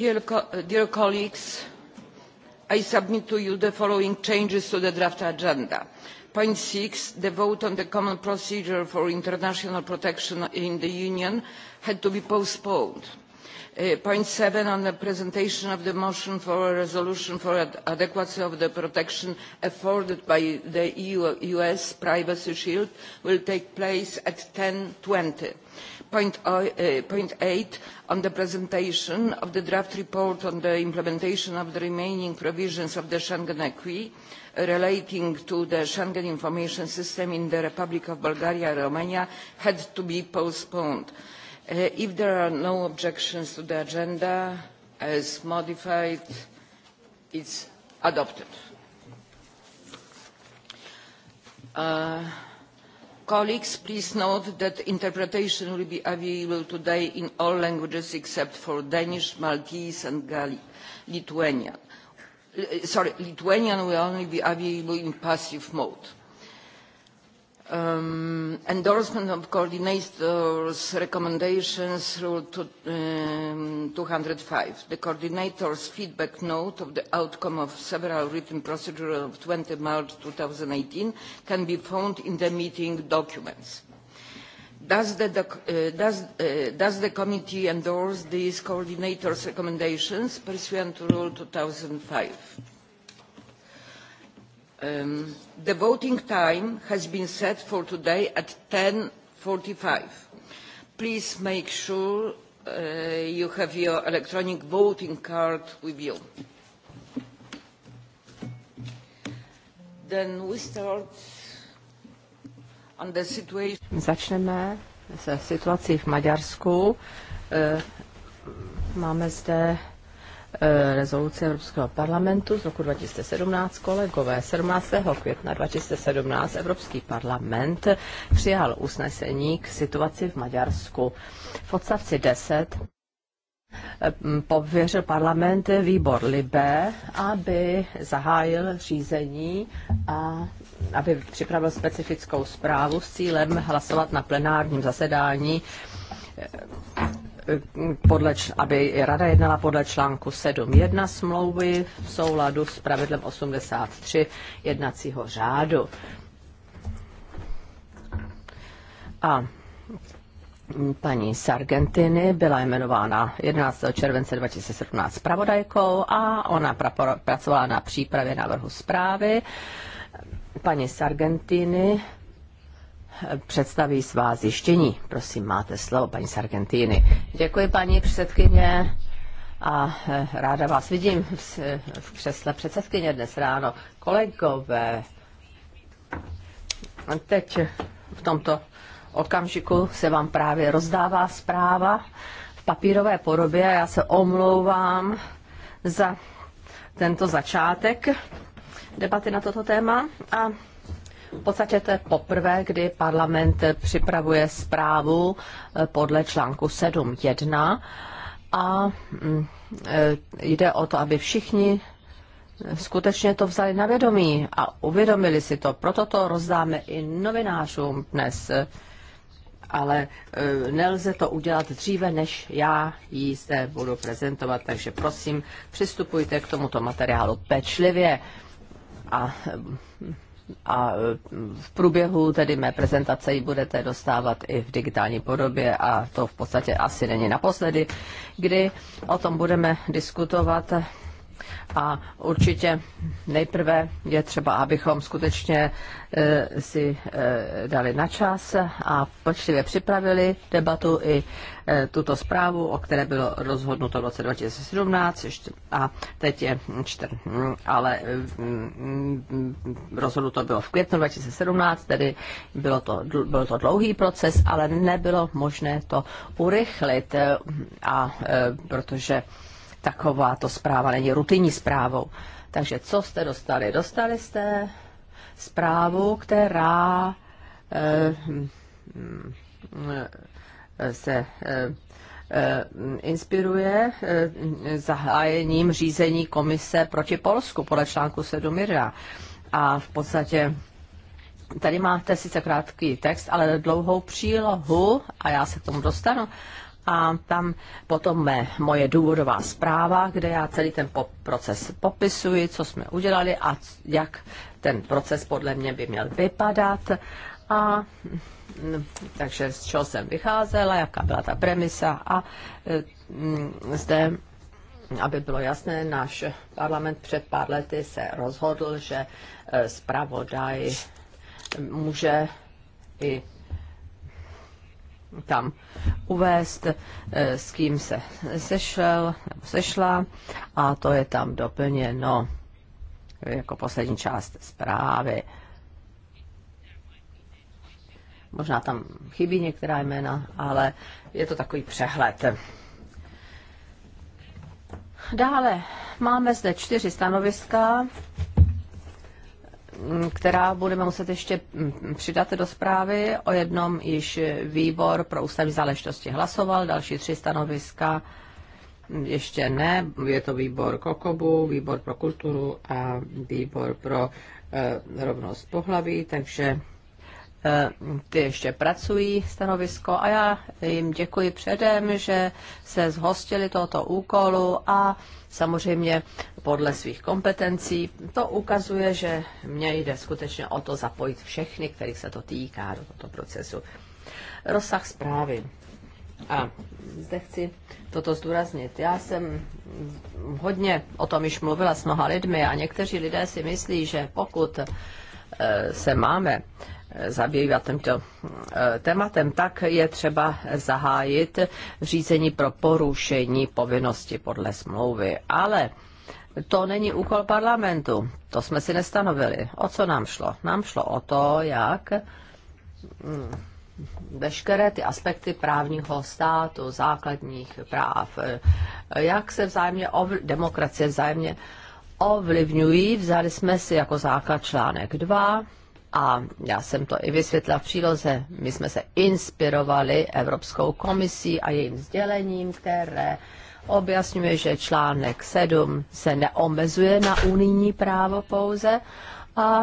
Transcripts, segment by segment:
Dear, co dear colleagues, I submit to you the following changes to the draft agenda. Point six, the vote on the common procedure for international protection in the Union had to be postponed. Uh, point seven on the presentation of the motion for a resolution for adequacy of the protection afforded by the eu us privacy shield will take place at. ten twenty Uh, uh, point, eight on the presentation of the draft report on the implementation of the remaining provisions of the Schengen Acquis relating to the Schengen information system in the Republic of Bulgaria and Romania had to be postponed. Uh, if there are no objections to the agenda as modified, it is adopted colleagues please note that interpretation will be available today in all languages except for danish maltese and lithuanian. Uh, sorry lithuanian will only be available in passive mode. Um, endorsement of coordinators' recommendations rule to, um, 205. The coordinators' feedback note of the outcome of several written procedures of 20 March 2018 can be found in the meeting documents. Does the, uh, does, uh, does the committee endorse these coordinators' recommendations pursuant to Rule 2005? Um, the voting time has been set for today at 10.45. Please make sure uh, you have your electronic voting card with you. Then we start on the situation. Začneme se situací v Maďarsku. Uh, máme zde Eh, rezoluci Evropského parlamentu z roku 2017, kolegové, 17. května 2017 Evropský parlament přijal usnesení k situaci v Maďarsku. V odstavci 10 eh, pověřil parlament výbor Libe, aby zahájil řízení a aby připravil specifickou zprávu s cílem hlasovat na plenárním zasedání eh, podle, aby rada jednala podle článku 7.1 smlouvy v souladu s pravidlem 83 jednacího řádu. A paní Sargentini byla jmenována 11. července 2017 pravodajkou a ona pracovala na přípravě návrhu zprávy. Paní Sargentini představí svá zjištění. Prosím, máte slovo, paní Sargentini. Děkuji, paní předsedkyně. A eh, ráda vás vidím v křesle předsedkyně dnes ráno. Kolegové, teď v tomto okamžiku se vám právě rozdává zpráva v papírové podobě a já se omlouvám za tento začátek debaty na toto téma. A v podstatě to je poprvé, kdy parlament připravuje zprávu eh, podle článku 7.1 a mm, eh, jde o to, aby všichni eh, skutečně to vzali na vědomí a uvědomili si to. Proto to rozdáme i novinářům dnes. Ale nelze to udělat dříve, než já ji zde budu prezentovat. Takže prosím, přistupujte k tomuto materiálu pečlivě a mm, a e, v průběhu tedy mé prezentace ji budete dostávat i v digitální podobě a to v podstatě asi není naposledy, kdy o tom budeme diskutovat a určitě nejprve je třeba, abychom skutečně e, si e, dali na čas a pečlivě připravili debatu i e, tuto zprávu, o které bylo rozhodnuto v roce 2017 a teď je čtr, ale mm, rozhodnuto bylo v květnu 2017, tedy bylo to, byl to dlouhý proces, ale nebylo možné to urychlit a protože Taková to zpráva není rutinní zprávou. Takže co jste dostali? Dostali jste zprávu, která eh, eh, se eh, inspiruje zahájením řízení komise proti Polsku podle článku 7 Mirra. A v podstatě tady máte sice krátký text, ale dlouhou přílohu, a já se k tomu dostanu, a tam potom je moje důvodová zpráva, kde já celý ten pop- proces popisuji, co jsme udělali a jak ten proces podle mě by měl vypadat. A mm, takže z čeho jsem vycházela, jaká byla ta premisa a mm, zde aby bylo jasné, náš parlament před pár lety se rozhodl, že eh, zpravodaj může i tam uvést, eh, s kým se sešel nebo sešla a to je tam doplněno jako poslední část zprávy. Možná tam chybí některá jména, ale je to takový přehled. Dále máme zde čtyři stanoviska která budeme muset ještě přidat do zprávy. O jednom již výbor pro ústavní záležitosti hlasoval, další tři stanoviska ještě ne. Je to výbor Kokobu, výbor pro kulturu a výbor pro e, rovnost pohlaví, takže e, ty ještě pracují stanovisko a já jim děkuji předem, že se zhostili tohoto úkolu a e, samozřejmě podle svých kompetencí. To ukazuje, že mně jde skutečně o to zapojit všechny, kterých se to týká do tohoto procesu. Rozsah zprávy. A zde chci toto zdůraznit. Já jsem hodně o tom již mluvila s mnoha lidmi a někteří lidé si myslí, že pokud eh, se máme zabývat tímto e, tématem, tak je třeba zahájit řízení pro porušení povinnosti podle smlouvy. Ale to není úkol parlamentu, to jsme si nestanovili. O co nám šlo? Nám šlo o to, jak mm, veškeré ty aspekty právního státu, základních práv, e, jak se vzájemně, ovl- demokracie vzájemně ovlivňují. Vzali jsme si jako základ článek 2 a já jsem to i vysvětla v příloze. My jsme se inspirovali Evropskou komisí a jejím sdělením, které objasňuje, že článek 7 se neomezuje na unijní právo pouze a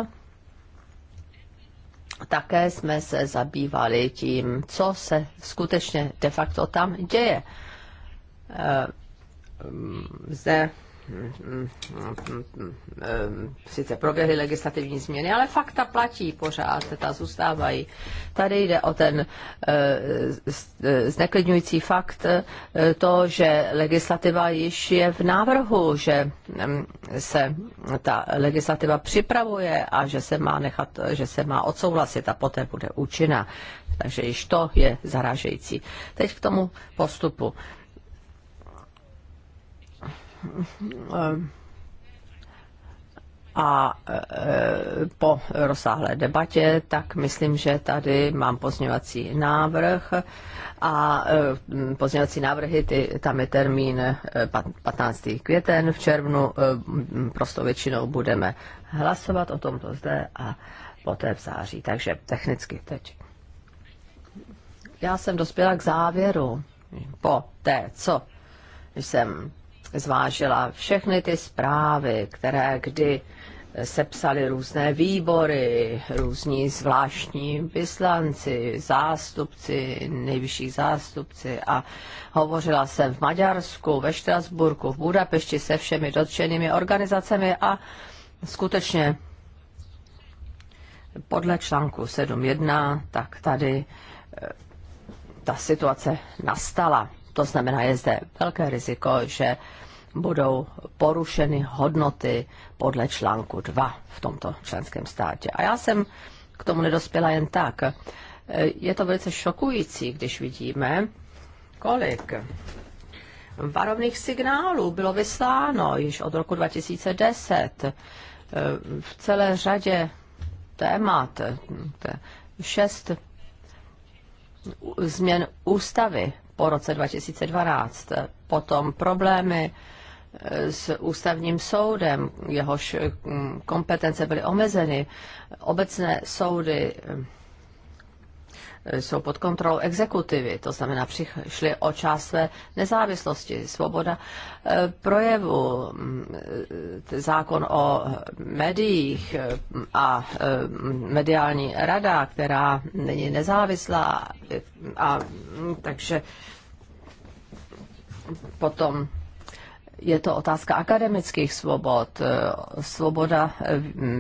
také jsme se zabývali tím, co se skutečně de facto tam děje. Eh, mm, zde sice proběhly legislativní změny, ale fakta platí pořád, ta zůstávají. Tady jde o ten eh, eh, zneklidňující fakt, eh, to, že legislativa již je v návrhu, že mm, se ta legislativa připravuje a že se má nechat, že se má odsouhlasit a poté bude účinná. Takže již to je zarážející. Teď k tomu postupu a e, po rozsáhlé debatě, tak myslím, že tady mám pozměňovací návrh a e, pozměňovací návrhy, ty, tam je termín 15. E, květen, v červnu prostou většinou budeme hlasovat o tomto zde a poté v září, takže technicky teď. Já jsem dospěla k závěru po té, co jsem zvážila všechny ty zprávy, které kdy sepsali různé výbory, různí zvláštní vyslanci, zástupci, nejvyšší zástupci a hovořila jsem v Maďarsku, ve Štrasburku, v Budapešti se všemi dotčenými organizacemi a skutečně podle článku 7.1, tak tady eh, ta situace nastala. To znamená, je zde velké riziko, že budou porušeny hodnoty podle článku 2 v tomto členském státě. A já jsem k tomu nedospěla jen tak. Je to velice šokující, když vidíme, kolik varovných signálů bylo vysláno již od roku 2010 v celé řadě témat. Šest změn ústavy po roce 2012. Potom problémy e, s ústavním soudem, jehož kompetence byly omezeny, obecné soudy jsou pod kontrolou exekutivy, to znamená přišli o část své nezávislosti, svoboda eh, projevu, mm, eh, zákon o médiích eh, a mediální rada, která není nezávislá a mm, takže potom je to otázka akademických svobod, svoboda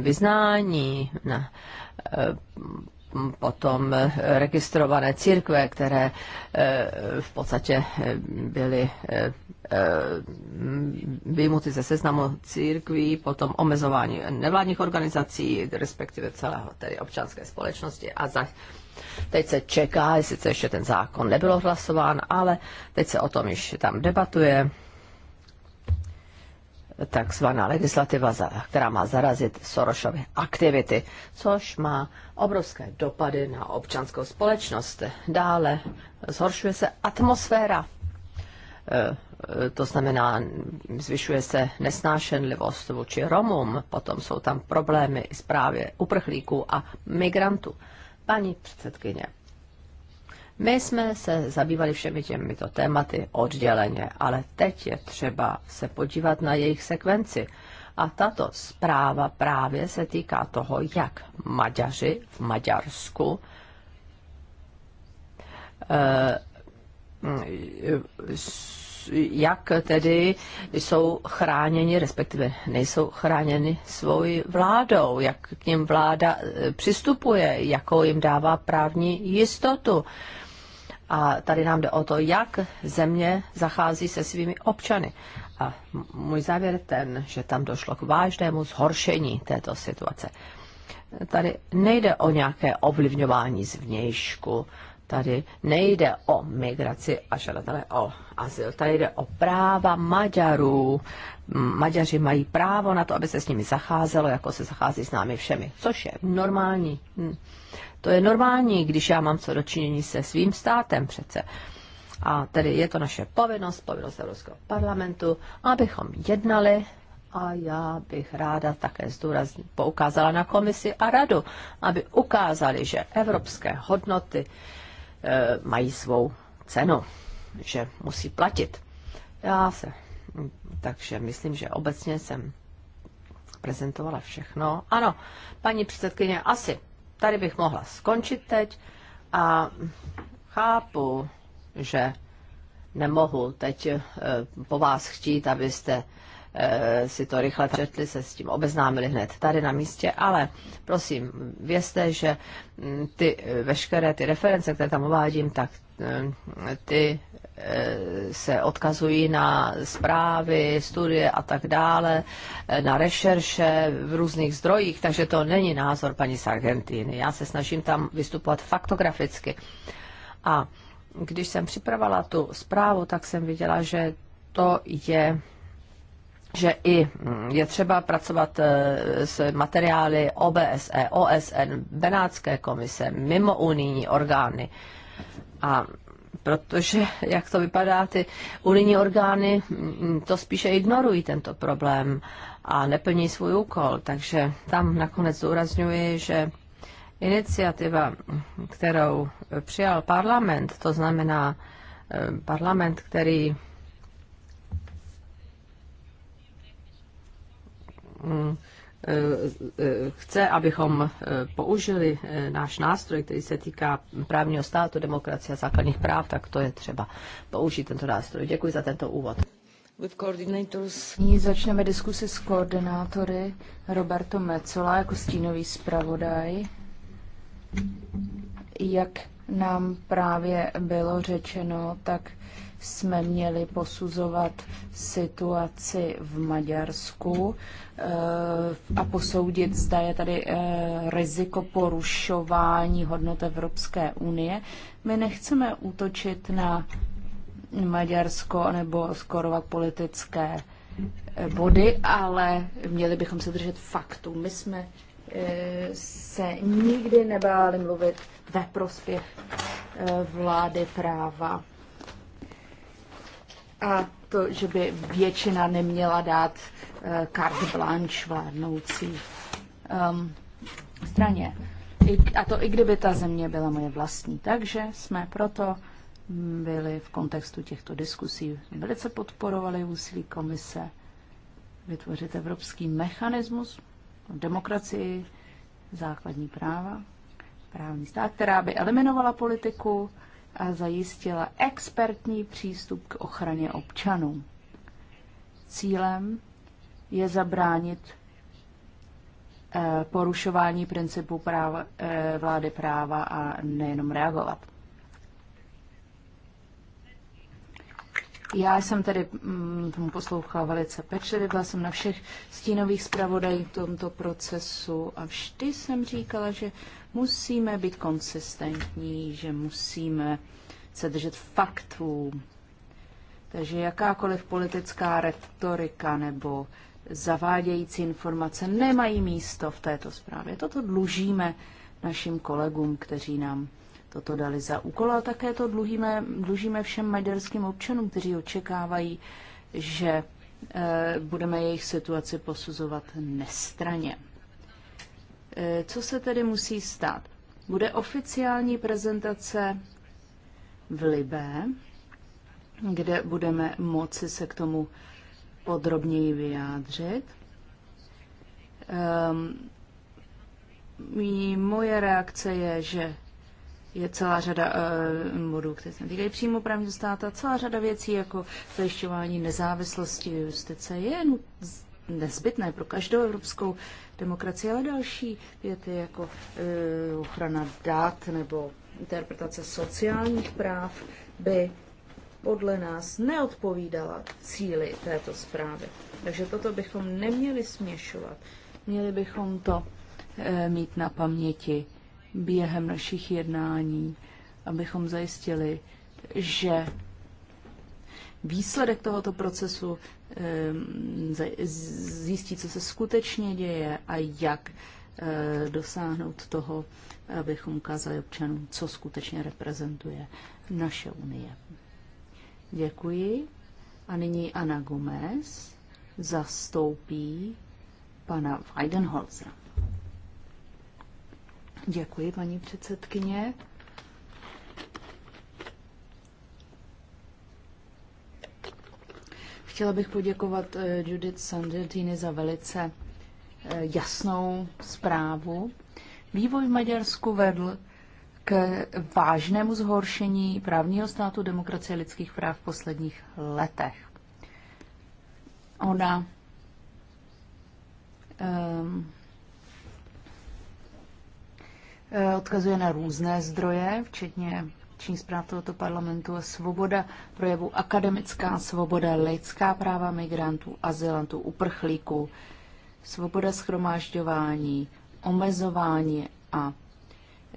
vyznání, potom registrované církve, které eh, v podstatě eh, byly eh, vyjmuty ze seznamu církví, potom omezování nevládních organizací, respektive celého tedy občanské společnosti a za, teď se čeká, sice ještě ten zákon nebyl hlasován, ale teď se o tom již tam debatuje takzvaná legislativa, která má zarazit Sorosovy aktivity, což má obrovské dopady na občanskou společnost. Dále zhoršuje se atmosféra, e, e, to znamená, zvyšuje se nesnášenlivost vůči Romům, potom jsou tam problémy i právě uprchlíků a migrantů. Paní předsedkyně, my jsme se zabývali všemi těmito tématy odděleně, ale teď je třeba se podívat na jejich sekvenci. A tato zpráva právě se týká toho, jak Maďaři v Maďarsku eh, jak tedy jsou chráněni, respektive nejsou chráněni svou vládou, jak k ním vláda eh, přistupuje, jakou jim dává právní jistotu. A tady nám jde o to, jak země zachází se svými občany. A můj závěr je ten, že tam došlo k vážnému zhoršení této situace. Tady nejde o nějaké ovlivňování zvnějšku. Tady nejde o migraci a žadatele o azyl, tady jde o práva Maďarů. Maďaři mají právo na to, aby se s nimi zacházelo, jako se zachází s námi všemi, což je normální. Hm. To je normální, když já mám co dočinění se svým státem přece. A tedy je to naše povinnost, povinnost Evropského parlamentu, abychom jednali a já bych ráda také zdůrazně poukázala na komisi a radu, aby ukázali, že evropské hodnoty Eh, mají svou cenu, že musí platit. Já se, takže myslím, že obecně jsem prezentovala všechno. Ano, paní předsedkyně, asi tady bych mohla skončit teď a chápu, že nemohu teď eh, po vás chtít, abyste Eh, si to rychle přetli, se s tím obeznámili hned tady na místě, ale prosím, vězte, že mm, ty eh, veškeré ty reference, které tam uvádím, tak eh, ty se odkazují na zprávy, studie a tak dále, na rešerše v různých zdrojích, takže to není názor paní z Argentiny. Já se snažím tam vystupovat faktograficky. A když jsem připravovala tu zprávu, tak jsem viděla, že to je že i mm, je třeba pracovat eh, s materiály OBSE, OSN, Benátské komise, mimo unijní orgány. A protože, jak to vypadá, ty unijní orgány mm, to spíše ignorují tento problém a neplní svůj úkol. Takže tam nakonec zúrazňuji, že iniciativa, kterou přijal parlament, to znamená eh, parlament, který Mm, eh, eh, chce, abychom eh, použili náš nástroj, který se týká právního státu, demokracie a základních práv, tak to je třeba použít tento nástroj. Děkuji za tento úvod. Nyní začneme diskusi s koordinátory Roberto Mecola jako stínový zpravodaj. Jak nám právě bylo řečeno, tak jsme měli posuzovat situaci v Maďarsku eh, a posoudit, zda je tady eh, riziko porušování hodnot Evropské unie. My nechceme útočit na Maďarsko nebo skorovat politické eh, body, ale měli bychom se držet faktů. My jsme se nikdy nebáli mluvit ve prospěch vlády práva a to, že by většina neměla dát eh, carte blanche vládnoucí um, straně. I, a to i kdyby ta země byla moje vlastní. Takže jsme proto byli v kontextu těchto diskusí, velice podporovali úsilí komise vytvořit evropský mechanismus demokracii, základní práva, právní stát, která by eliminovala politiku a zajistila expertní přístup k ochraně občanů. Cílem je zabránit eh, porušování principu práva, eh, vlády práva a nejenom reagovat. Já jsem tedy mm, tomu poslouchala velice pečlivě, byla jsem na všech stínových zpravodajích v tomto procesu a vždy jsem říkala, že Musíme být konsistentní, že musíme se držet faktů. Takže jakákoliv politická retorika nebo zavádějící informace nemají místo v této zprávě. Toto dlužíme našim kolegům, kteří nám toto dali za úkol, ale také to dlužíme, dlužíme všem maďarským občanům, kteří očekávají, že e, budeme jejich situaci posuzovat nestraně. Eh, co se tedy musí stát? Bude oficiální prezentace v Libé, kde budeme moci se k tomu podrobněji vyjádřit. Um, moje reakce je, že je celá řada uh, bodů, které se týkají přímo právního státa, celá řada věcí jako zajišťování nezávislosti justice je nezbytné pro každou evropskou demokracie, ale další věty jako e, ochrana dat nebo interpretace sociálních práv by podle nás neodpovídala cíli této zprávy. Takže toto bychom neměli směšovat. Měli bychom to e, mít na paměti během našich jednání, abychom zajistili, že výsledek tohoto procesu Ehm, zjistí, co se skutečně děje a jak eh, dosáhnout toho, abychom ukázali občanům, co skutečně reprezentuje naše unie. Děkuji. A nyní Ana Gomez zastoupí pana Weidenholzera. Děkuji, paní předsedkyně. Chtěla bych poděkovat eh, Judith Sandertini za velice eh, jasnou zprávu. Vývoj v Maďarsku vedl k vážnému zhoršení právního státu demokracie lidských práv v posledních letech. Ona um, odkazuje na různé zdroje, včetně tradičních zpráv tohoto parlamentu a svoboda projevu, akademická svoboda, lidská práva migrantů, azylantů, uprchlíků, svoboda schromážďování, omezování a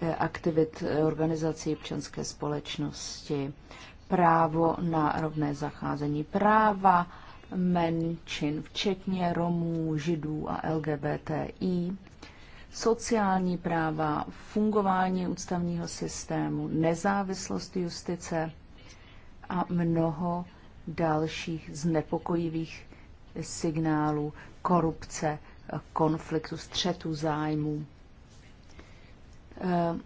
e, aktivit organizací občanské společnosti, právo na rovné zacházení, práva menšin, včetně Romů, Židů a LGBTI, sociální práva, fungování ústavního systému, nezávislost justice a mnoho dalších znepokojivých signálů korupce, konfliktu, střetu zájmů. Eh,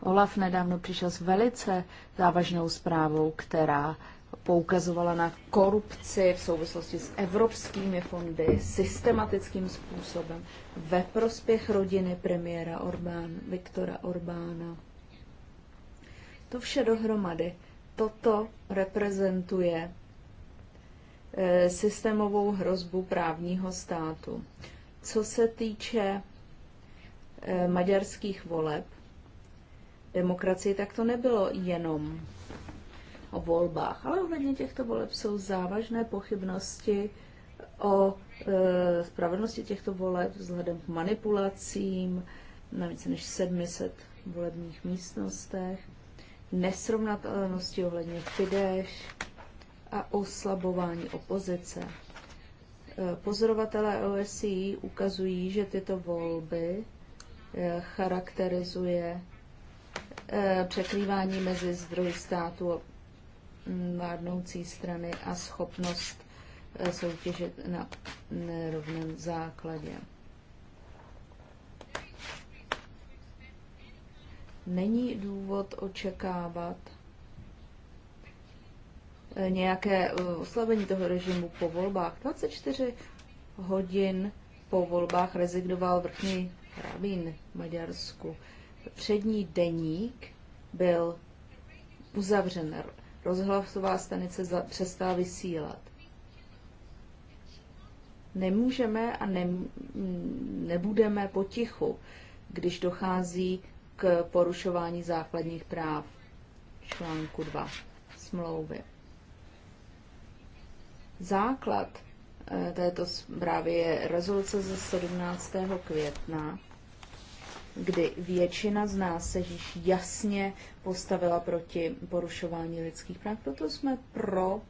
Olaf nedávno přišel s velice závažnou zprávou, která poukazovala na korupci v souvislosti s evropskými fondy systematickým způsobem ve prospěch rodiny premiéra Orbán, Viktora Orbána. To vše dohromady, toto reprezentuje eh, systémovou hrozbu právního státu. Co se týče eh, maďarských voleb, demokracii, tak to nebylo jenom o volbách, ale ohledně těchto voleb jsou závažné pochybnosti o e, spravedlnosti těchto voleb vzhledem k manipulacím na více než 700 volebních místnostech, nesrovnatelnosti ohledně Fidesz a oslabování opozice. E, pozorovatelé OSCE ukazují, že tyto volby e, charakterizuje e, překrývání mezi zdroji státu a vládnoucí strany a schopnost eh, soutěžit na nerovném mm, základě. Není důvod očekávat eh, nějaké eh, oslabení toho režimu po volbách. 24 hodin po volbách rezignoval vrchní rabín v Maďarsku. Přední deník byl uzavřen rozhlasová stanice za, přestala vysílat. Nemůžeme a ne, nebudeme potichu, když dochází k porušování základních práv článku 2 smlouvy. Základ eh, této zprávy je rezoluce ze 17. května kdy většina z nás se již jasně postavila proti porušování lidských práv. Proto jsme pro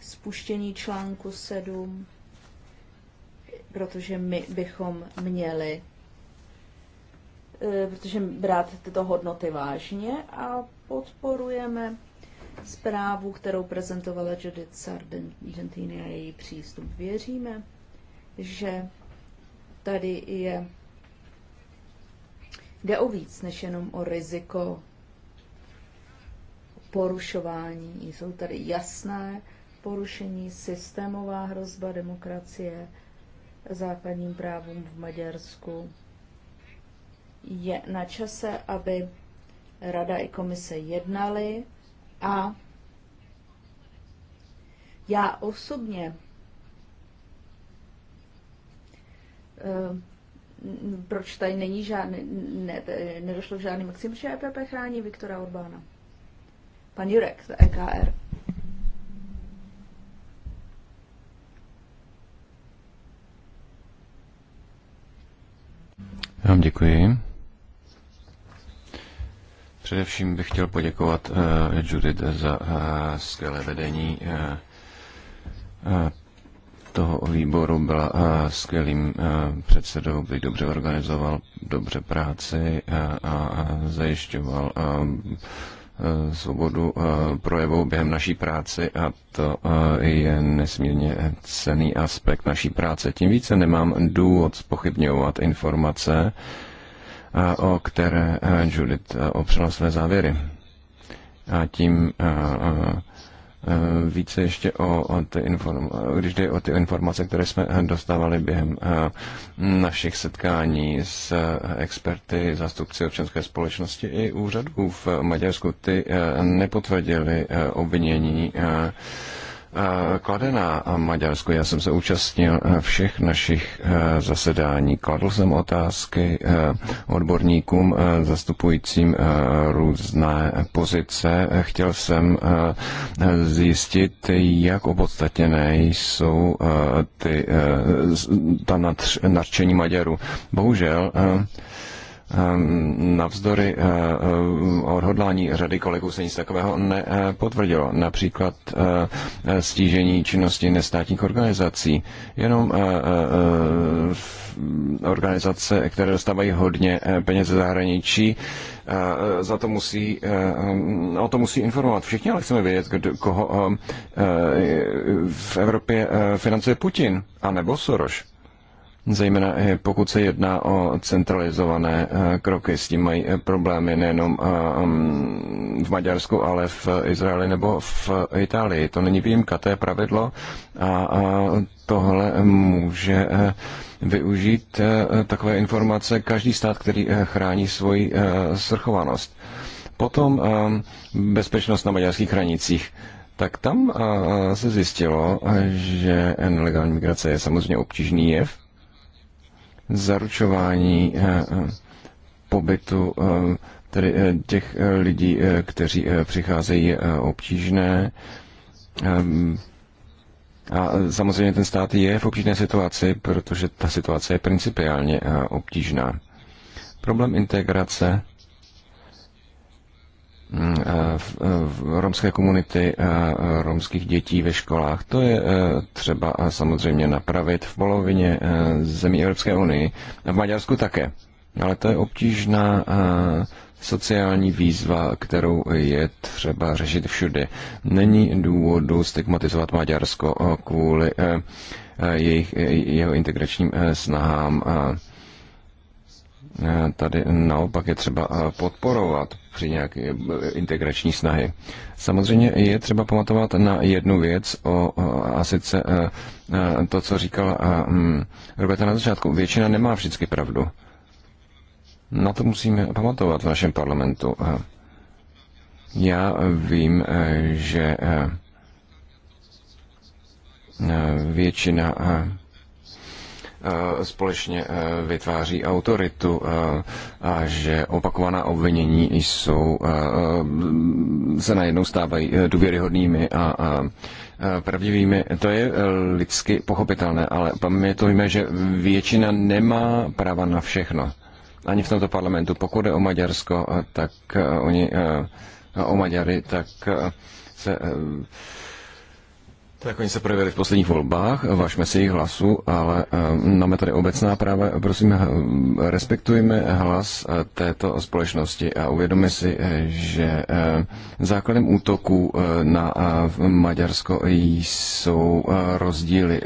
spuštění článku 7, protože my bychom měli eh, protože brát tyto hodnoty vážně a podporujeme zprávu, kterou prezentovala Judith Sargentini a její přístup. Věříme, že tady je Jde o víc než jenom o riziko porušování. Jsou tady jasné porušení, systémová hrozba demokracie, základním právům v Maďarsku. Je na čase, aby Rada i komise jednaly a já osobně eh, proč tady není žádný, ne, nedošlo žádný maxim, že EPP chrání Viktora Orbána. Pan Jurek z EKR. Já vám děkuji. Především bych chtěl poděkovat uh, Judith za uh, skvělé vedení uh, uh, toho výboru byla eh, skvělým eh, předsedou, který dobře organizoval, dobře práci eh, a zajišťoval svobodu projevou během naší práci a to je nesmírně cený aspekt naší práce. Tím více nemám důvod spochybňovat informace, o které Judith opřela své závěry. A tím Eh, více ještě o, ty inform- když jde o ty informace, které jsme eh, dostávali během eh, našich setkání s experty, zástupci občanské společnosti i úřadů v Maďarsku, ty nepotvrdili obvinění Eh, kladená Maďarsku. Já jsem se účastnil eh, všech našich eh, zasedání. Kladl jsem otázky odborníkům zastupujícím různé pozice. Chtěl jsem zjistit, jak opodstatněné jsou ty, ta nadř, nadšení Maďarů. Bohužel Ehm, navzdory eh, eh, odhodlání řady kolegů se nic takového nepotvrdilo. Například eh, stížení činnosti nestátních organizací. Jenom organizace, které dostávají hodně peněz ze zahraničí, za to musí, mm, o to musí informovat všichni, ale chceme vědět, kdo, koho v Evropě financuje Putin a nebo Soros zejména pokud se jedná o centralizované eh, kroky. S tím mají eh, problémy nejenom eh, mm, v Maďarsku, ale v Izraeli nebo v Itálii. To není výjimka, to je pravidlo a tohle může využít takové informace každý stát, který chrání svoji srchovanost. Potom bezpečnost na maďarských hranicích. Tak tam se zjistilo, že nelegální migrace je samozřejmě obtížný jev, zaručování eh, eh, pobytu eh, tedy těch lidí, kteří přicházejí, obtížné. A samozřejmě ten stát je v obtížné situaci, protože ta situace je principiálně obtížná. Problém integrace Mm, eh, eh, v romské komunity eh, romských dětí ve školách. To je třeba samozřejmě napravit v polovině zemí Evropské unii a v Maďarsku také. Ale to je obtížná sociální výzva, kterou je třeba řešit všude. Není důvodu stigmatizovat Maďarsko kvůli jejich, jeho integračním snahám. Tady naopak je třeba podporovat při nějaké eh, integrační snahy. Samozřejmě je třeba pamatovat na jednu věc, o, a sice eh, eh, to, co říkal mm, Roberta na začátku. Většina nemá vždycky pravdu. Na to musíme pamatovat v našem parlamentu. Já vím, že většina Eh, společně eh, vytváří autoritu eh, a že opakovaná obvinění jsou, se najednou stávají důvěryhodnými a pravdivými. To je lidsky pochopitelné, ale to víme, že většina nemá práva na všechno. Ani v tomto parlamentu. Pokud je o Maďarsko, tak oni o Maďary, tak se tak oni se projevili v posledních volbách, vážme si jejich hlasu, ale eh, máme tady obecná práva. Prosím, eh, respektujme hlas eh, této společnosti a uvědomme si, že základem útoku na Maďarsko jsou rozdíly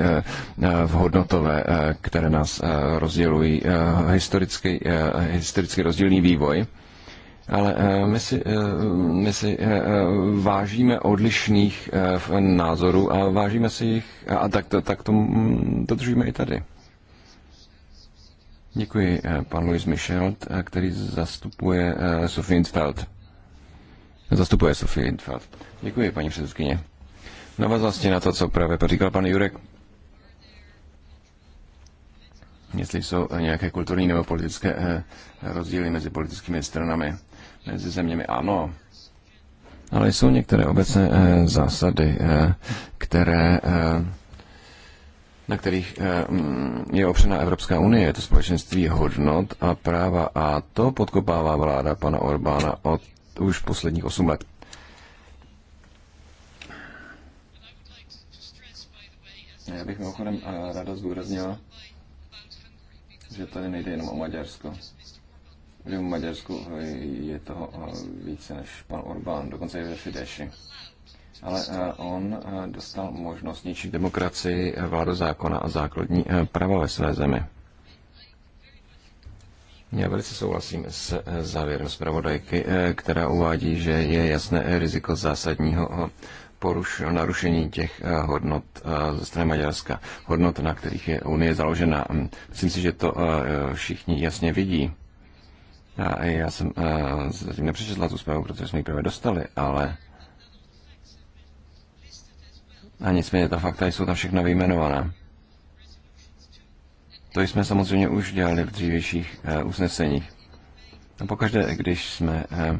v hodnotové, které nás rozdělují, historicky, historicky rozdílný vývoj ale eh, my si, eh, my si eh, vážíme odlišných názorů a vážíme si jich, a tak, tak to dodržíme mm, i tady. Děkuji pan Louis Michel, který zastupuje Sophie Infeld. Zastupuje Sophie Infeld. Děkuji, paní předsedkyně. Navaznosti vlastně na to, co právě říkal pan Jurek, jestli jsou nějaké kulturní nebo politické rozdíly mezi politickými stranami mezi zeměmi. Ano, ale jsou některé obecné eh, zásady, eh, které, eh, na kterých mm, je opřena Evropská unie. Je to společenství hodnot a práva a to podkopává vláda pana Orbána od už posledních 8 let. Já bych mimochodem ráda zdůraznila, že tady nejde jenom o Maďarsko že v Maďarsku eh, je to eh, více než pan Orbán, dokonce i ve Fideši. Ale eh, on dostal možnost ničit demokracii, vládu zákona a základní práva ve své zemi. Já velice souhlasím s závěrem zpravodajky, která uvádí, že je jasné riziko zásadního poruš, narušení těch hodnot ze strany Maďarska, hodnot, na kterých je Unie založena. Myslím si, že to všichni jasně vidí. Já jsem eh, zatím nepřečetla tu zprávu, protože jsme ji právě dostali, ale a nicméně ta fakta jsou tam všechna vyjmenovaná. To jsme samozřejmě už dělali v dřívějších eh, usneseních. A pokaždé, když jsme eh,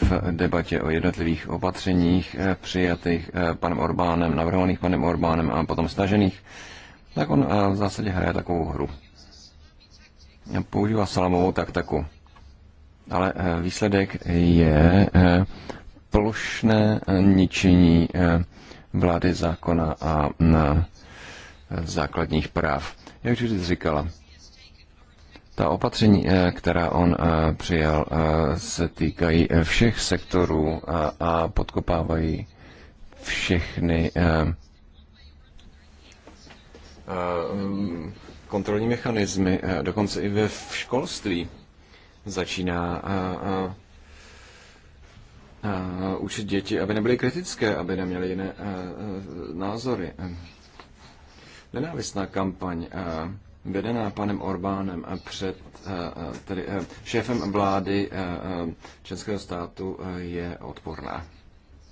v debatě o jednotlivých opatřeních přijatých panem Orbánem, navrhovaných panem Orbánem a potom stažených, tak on v zásadě hraje takovou hru. Používá salamovou taktiku ale eh, výsledek je eh, plošné eh, ničení vlády zákona a na mm, základních práv. Jak už říkala, ta opatření, která on přijal, se týkají všech sektorů a podkopávají všechny mm, kontrolní mechanismy, dokonce i ve školství začíná a, a, a učit děti, aby nebyly kritické, aby neměly jiné a, a, názory. Nenávistná kampaň a, vedená panem Orbánem a před a, tedy, a, šéfem vlády a, a, Českého státu a, je odporná.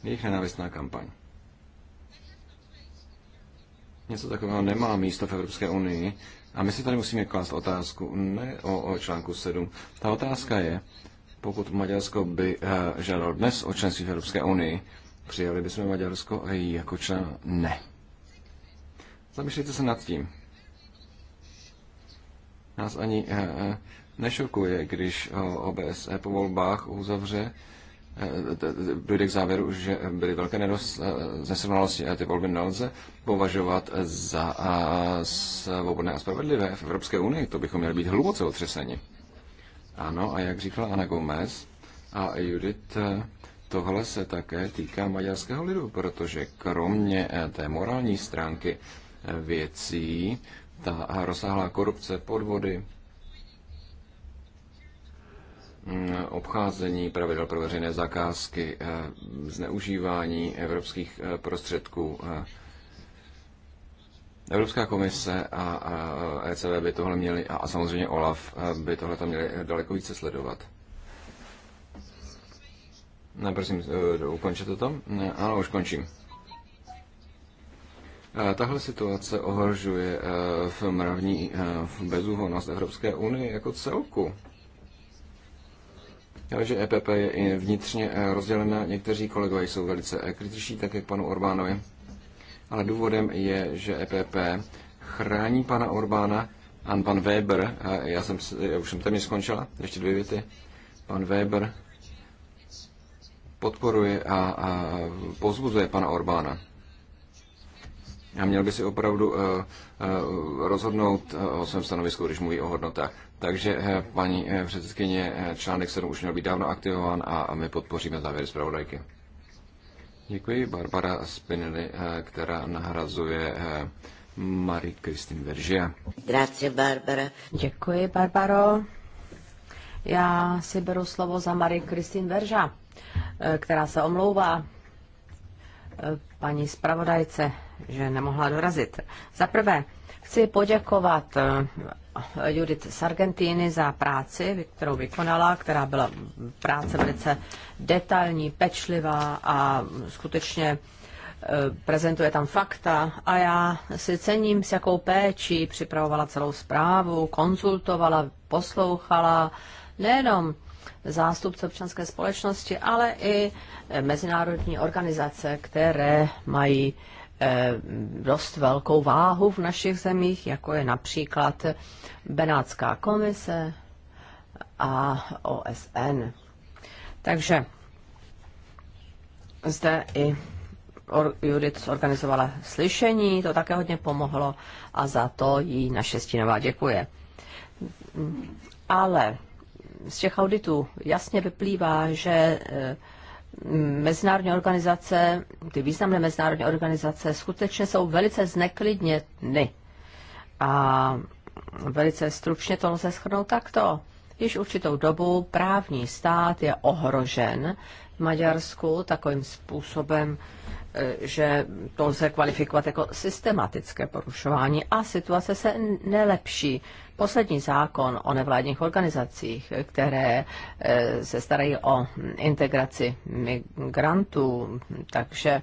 Jejich nenávistná kampaň. Něco takového nemá místo v Evropské unii. A my si tady musíme klást otázku, ne o, o článku 7. Ta otázka je, pokud Maďarsko by eh, žádalo dnes o členství v Evropské unii, přijali bychom Maďarsko jako člen? Ne. Zamýšlejte se nad tím. Nás ani eh, eh, nešokuje, když OBSE po volbách uzavře dojde k závěru, že byly velké nesrovnalosti a ty volby nelze považovat za svobodné a spravedlivé v Evropské unii. To bychom měli být hluboce otřeseni. Ano, a jak říkala Ana Gomez a Judith, tohle se také týká maďarského lidu, protože kromě eh, té morální stránky eh, věcí, ta rozsáhlá korupce, podvody, obcházení pravidel pro veřejné zakázky, eh, zneužívání evropských eh, prostředků. Eh. Evropská komise a ECB by tohle měli, a samozřejmě OLAF by tohle tam měli daleko více sledovat. Ne, no, prosím, ukončete to? Ne, ano, už končím. Tahle situace ohrožuje v mravní bezúhonnost Evropské unie jako celku ale že EPP je i vnitřně eh, rozdělena. Někteří kolegové jsou velice eh, kritičtí, tak jak panu Orbánovi. Ale důvodem je, že EPP chrání pana Orbána a pan Weber, eh, já, jsem, já už jsem téměř skončila, ještě dvě věty, pan Weber podporuje a, a pozbuzuje pana Orbána a měl by si opravdu eh, eh, rozhodnout eh, o svém stanovisku, když mluví o hodnotách. Takže paní předsedkyně, článek 7 už měl být dávno aktivován a my podpoříme závěry zpravodajky. Děkuji. Barbara Spinelli, která nahrazuje Marie Kristin Veržia. Grazie, Barbara. Děkuji, Barbaro. Já si beru slovo za Marie Kristin Verža, která se omlouvá paní zpravodajce, že nemohla dorazit. Za prvé, chci poděkovat eh, Judith Sargentini za práci, kterou vykonala, která byla práce velice detailní, pečlivá a skutečně eh, prezentuje tam fakta a já si cením, s jakou péčí připravovala celou zprávu, konzultovala, poslouchala, nejenom zástupce občanské společnosti, ale i eh, mezinárodní organizace, které mají eh, dost velkou váhu v našich zemích, jako je například Benátská komise a OSN. Takže zde i or, Judith zorganizovala slyšení, to také hodně pomohlo a za to jí naše stínová děkuje. Ale z těch auditů jasně vyplývá, že eh, mezinárodní organizace, ty významné mezinárodní organizace skutečně jsou velice zneklidněny. A velice stručně to lze schrnout takto. Již určitou dobu právní stát je ohrožen v Maďarsku takovým způsobem, eh, že to lze kvalifikovat jako systematické porušování a situace se nelepší. Poslední zákon o nevládních organizacích, které e, se starají o integraci migrantů, takže e,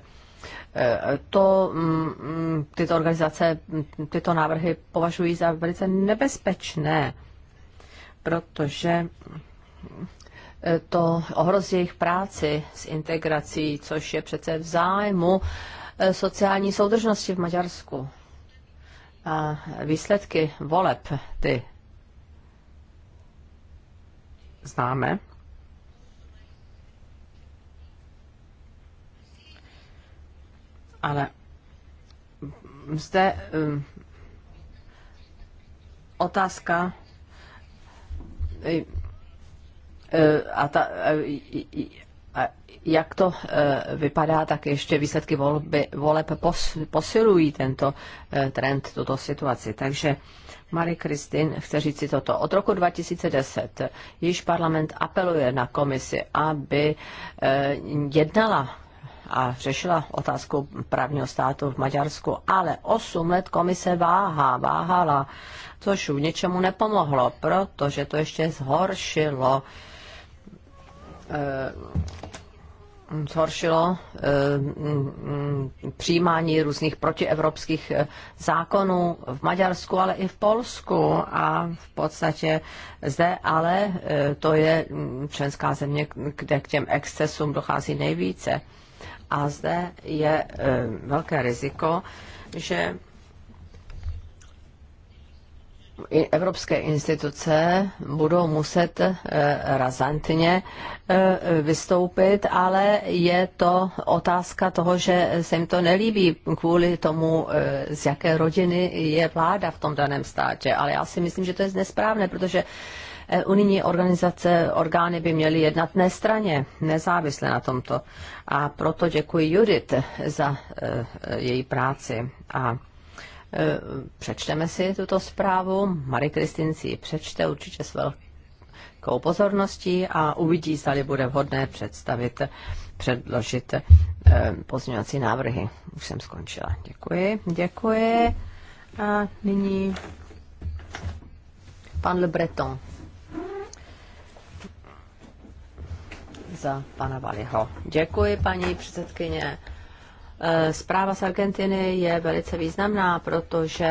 to, mm, mm, tyto organizace mm, tyto návrhy považují za velice nebezpečné, protože e, to ohrozí jejich práci s integrací, což je přece v zájmu sociální soudržnosti v Maďarsku. A výsledky voleb ty známe. Ale zde um, otázka uh, a ta, uh, jak to eh, vypadá, tak ještě výsledky volby, voleb posilují tento eh, trend, tuto situaci. Takže Marie Kristin chce říct si toto. Od roku 2010 již parlament apeluje na komisi, aby eh, jednala a řešila otázku právního státu v Maďarsku, ale 8 let komise váhá, váhala, což u něčemu nepomohlo, protože to ještě zhoršilo uh, Eh, zhoršilo eh, přijímání různých protievropských eh, zákonů v Maďarsku, ale i v Polsku. A v podstatě zde ale to je mm, členská země, kde k těm excesům dochází nejvíce. A zde je velké riziko, že evropské instituce budou muset eh, razantně eh, vystoupit, ale je to otázka toho, že se jim to nelíbí kvůli tomu, eh, z jaké rodiny je vláda v tom daném státě. Ale já si myslím, že to je nesprávné, protože unijní organizace, orgány by měly jednat nestraně, nezávisle na tomto. A proto děkuji Judith za její práci. A Eh, přečteme si tuto zprávu. Marie Kristin si ji přečte určitě s velkou pozorností a uvidí, zda bude vhodné představit, předložit eh, pozměňovací návrhy. Už jsem skončila. Děkuji. Děkuji. A nyní pan Le Breton za pana Valiho. Děkuji, paní předsedkyně. Eh, zpráva z Argentiny je velice významná, protože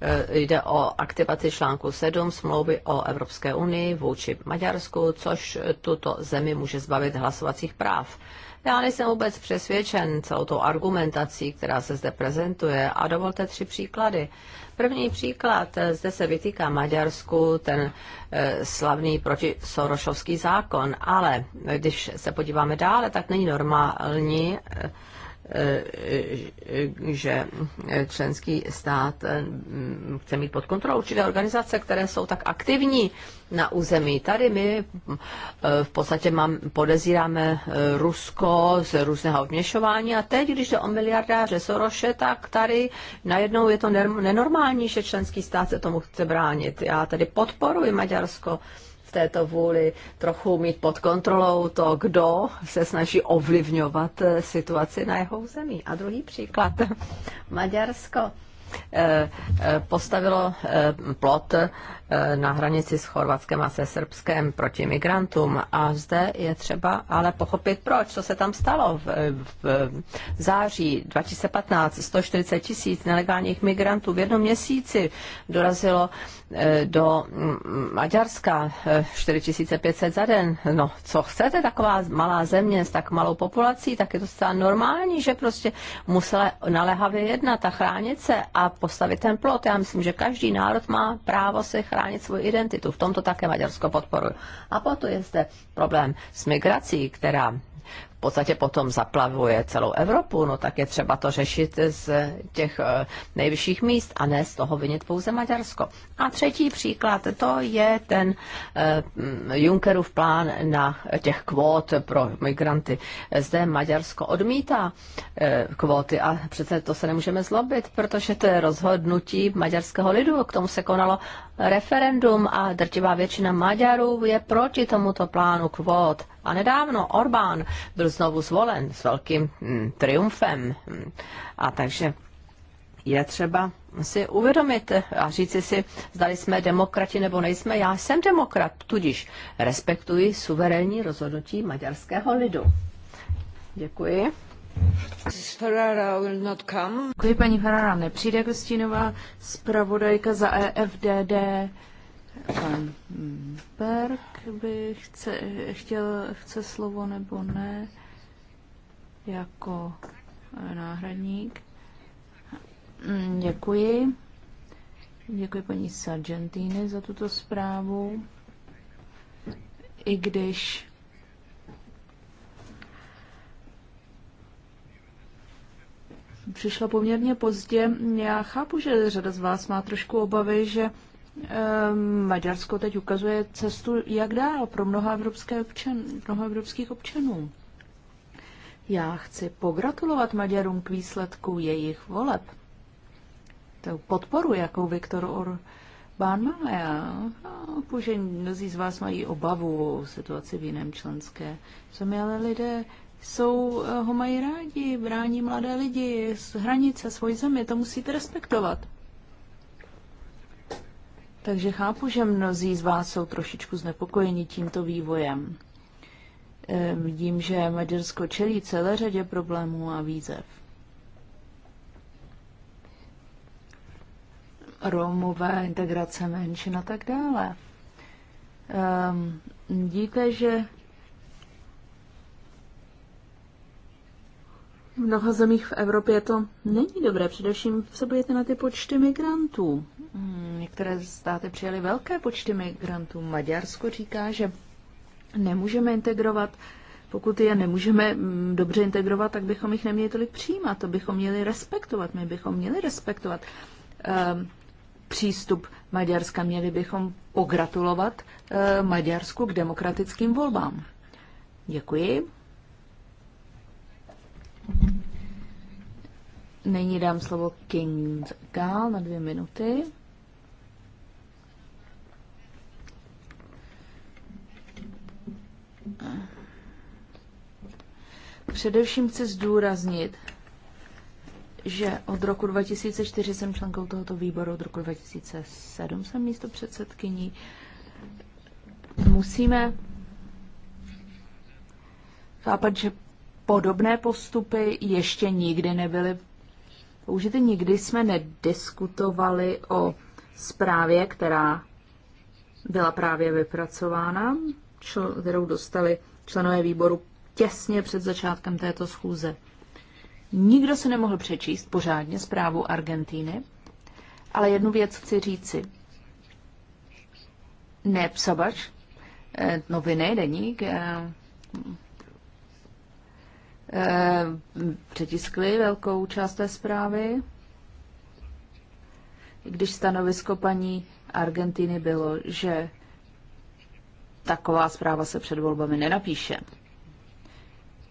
eh, jde o aktivaci článku 7 smlouvy o Evropské unii vůči Maďarsku, což tuto zemi může zbavit hlasovacích práv. Já nejsem vůbec přesvědčen celou tou argumentací, která se zde prezentuje a dovolte tři příklady. První příklad, eh, zde se vytýká Maďarsku ten slavný protisorošovský zákon, ale když se podíváme dále, tak není normální Eh, že členský stát eh, chce mít pod kontrolou určité organizace, které jsou tak aktivní na území. Tady my eh, v podstatě mám, podezíráme Rusko z různého vměšování a teď, když jde o miliardáře Soroše, tak tady najednou je to nenormální, že členský stát se tomu chce bránit. Já tady podporuji Maďarsko této vůli trochu mít pod kontrolou to, kdo se snaží ovlivňovat eh, situaci na jeho zemi. A druhý příklad, Maďarsko eh, eh, postavilo plot na hranici s Chorvatskem a se Srbskem proti migrantům. A zde je třeba ale pochopit, proč, co se tam stalo. V, září 2015 140 tisíc nelegálních migrantů v jednom měsíci dorazilo Eh, do mm, Maďarska 4500 eh, za den. No, co chcete, taková malá země s tak malou populací, tak je to zcela normální, že prostě musela naléhavě jednat a chránit se a postavit ten plot. Já myslím, že každý národ má právo se chránit svou identitu. V tomto také Maďarsko podporuje. A potom je zde problém s migrací, která v podstatě potom zaplavuje celou Evropu, no tak je třeba to řešit z těch eh, nejvyšších míst a ne z toho vinit pouze Maďarsko. A třetí příklad, to je ten eh, mm, Junckerův plán na těch kvót pro migranty. Zde Maďarsko odmítá eh, kvóty a přece to se nemůžeme zlobit, protože to je rozhodnutí maďarského lidu, k tomu se konalo referendum a drtivá většina Maďarů je proti tomuto plánu kvót. A nedávno Orbán byl znovu zvolen s velkým hm, triumfem. A takže je třeba si uvědomit a říci si, zdali jsme demokrati nebo nejsme. Já jsem demokrat, tudíž respektuji suverénní rozhodnutí maďarského lidu. Děkuji. Děkuji, paní Ferrara nepřijde Kristínová, zpravodajka za EFDD. Pan Berg by chce, chtěl, chce slovo nebo ne, jako náhradník. Mm, děkuji. Děkuji paní Sargentini za tuto zprávu. I když přišla poměrně pozdě. Já chápu, že řada z vás má trošku obavy, že ehm, Maďarsko teď ukazuje cestu, jak dál pro mnoha, evropské občan, mnoha evropských občanů. Já chci pogratulovat Maďarům k výsledku jejich voleb. To podporu, jakou Viktor Orbán má. Já že mnozí z vás mají obavu o situaci v jiném členské zemi, ale lidé jsou, eh, ho mají rádi, brání mladé lidi z hranice svoji země, to musíte respektovat. Takže chápu, že mnozí z vás jsou trošičku znepokojeni tímto vývojem. Eh, vidím, že Maďarsko čelí celé řadě problémů a výzev. Romové, integrace menšin a tak dále. Um, vidíte, že V mnoha zemích v Evropě to není dobré, především se budete na ty počty migrantů. Hmm, některé státy přijali velké počty migrantů. Maďarsko říká, že nemůžeme integrovat pokud je nemůžeme mm, dobře integrovat, tak bychom jich neměli tolik přijímat. To bychom měli respektovat. My bychom měli respektovat ehm, přístup Maďarska. Měli bychom pogratulovat eh, Maďarsku k demokratickým volbám. Děkuji. Nyní dám slovo King Gal na dvě minuty. Především chci zdůraznit, že od roku 2004 jsem členkou tohoto výboru, od roku 2007 jsem místo předsedkyní. Musíme chápat, že Podobné postupy ještě nikdy nebyly použity. Nikdy jsme nediskutovali o zprávě, která byla právě vypracována, čl- kterou dostali členové výboru těsně před začátkem této schůze. Nikdo se nemohl přečíst pořádně zprávu Argentíny, ale jednu věc chci říci. Ne psabač, eh, noviny, deník, eh, Eh, přetiskli velkou část té zprávy, když stanovisko paní Argentiny bylo, že taková zpráva se před volbami nenapíše.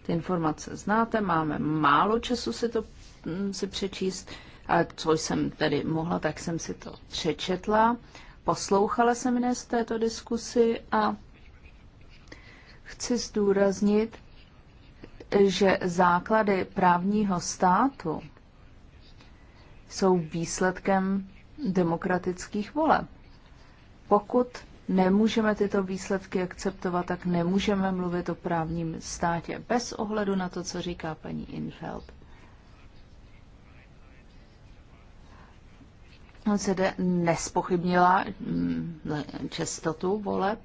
Ty informace znáte, máme málo času si to mm, si přečíst, ale co jsem tedy mohla, tak jsem si to přečetla. Poslouchala jsem dnes této diskusi a chci zdůraznit, že základy právního státu jsou výsledkem demokratických voleb. Pokud nemůžeme tyto výsledky akceptovat, tak nemůžeme mluvit o právním státě bez ohledu na to, co říká paní Infeld. OCD nespochybnila mm, čestotu voleb,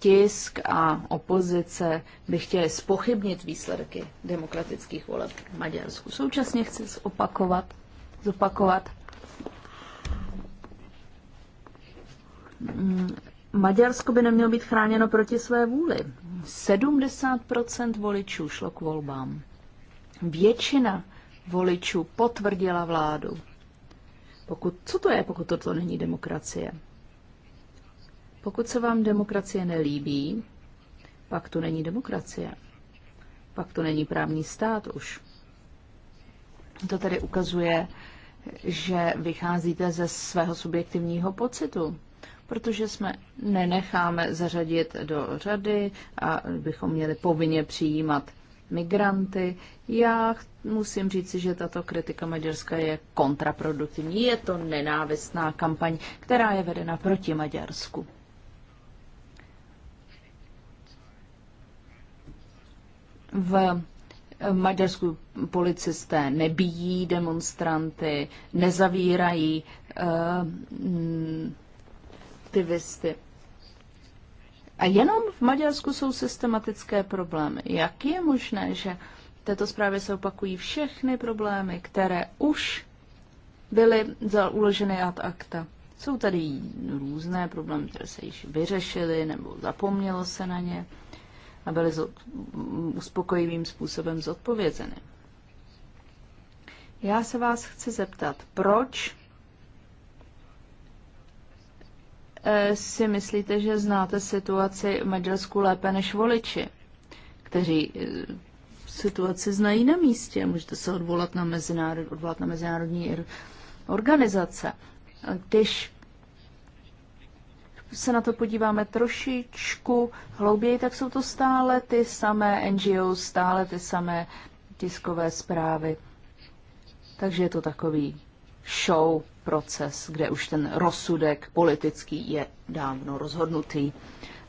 tisk a opozice by chtěli spochybnit výsledky demokratických voleb v Maďarsku. Současně chci zopakovat, zopakovat mm, Maďarsko by nemělo být chráněno proti své vůli. 70% voličů šlo k volbám. Většina voličů potvrdila vládu. Pokud, co to je, pokud toto není demokracie? Pokud se vám demokracie nelíbí, pak to není demokracie. Pak to není právní stát už. To tedy ukazuje, že vycházíte ze svého subjektivního pocitu, protože jsme nenecháme zařadit do řady a bychom měli povinně přijímat migranty. Já musím říci, že tato kritika Maďarska je kontraproduktivní. Je to nenávistná kampaň, která je vedena proti Maďarsku. V eh, Maďarsku policisté nebíjí demonstranty, nezavírají uh, A jenom v Maďarsku jsou systematické problémy. Jak je možné, že v této zprávě se opakují všechny problémy, které už byly uloženy ad acta? Jsou tady různé problémy, které se již vyřešily nebo zapomnělo se na ně a byly uspokojivým způsobem zodpovězeny. Já se vás chci zeptat, proč eh, si myslíte, že znáte situaci v Maďarsku lépe než voliči, kteří eh, situaci znají na místě. Můžete se odvolat na, mezinárod, odvolat na mezinárodní organizace. Když se na to podíváme trošičku hlouběji, tak jsou to stále ty samé NGO, stále ty samé tiskové zprávy. Takže je to takový show proces, kde už ten rozsudek politický je dávno rozhodnutý.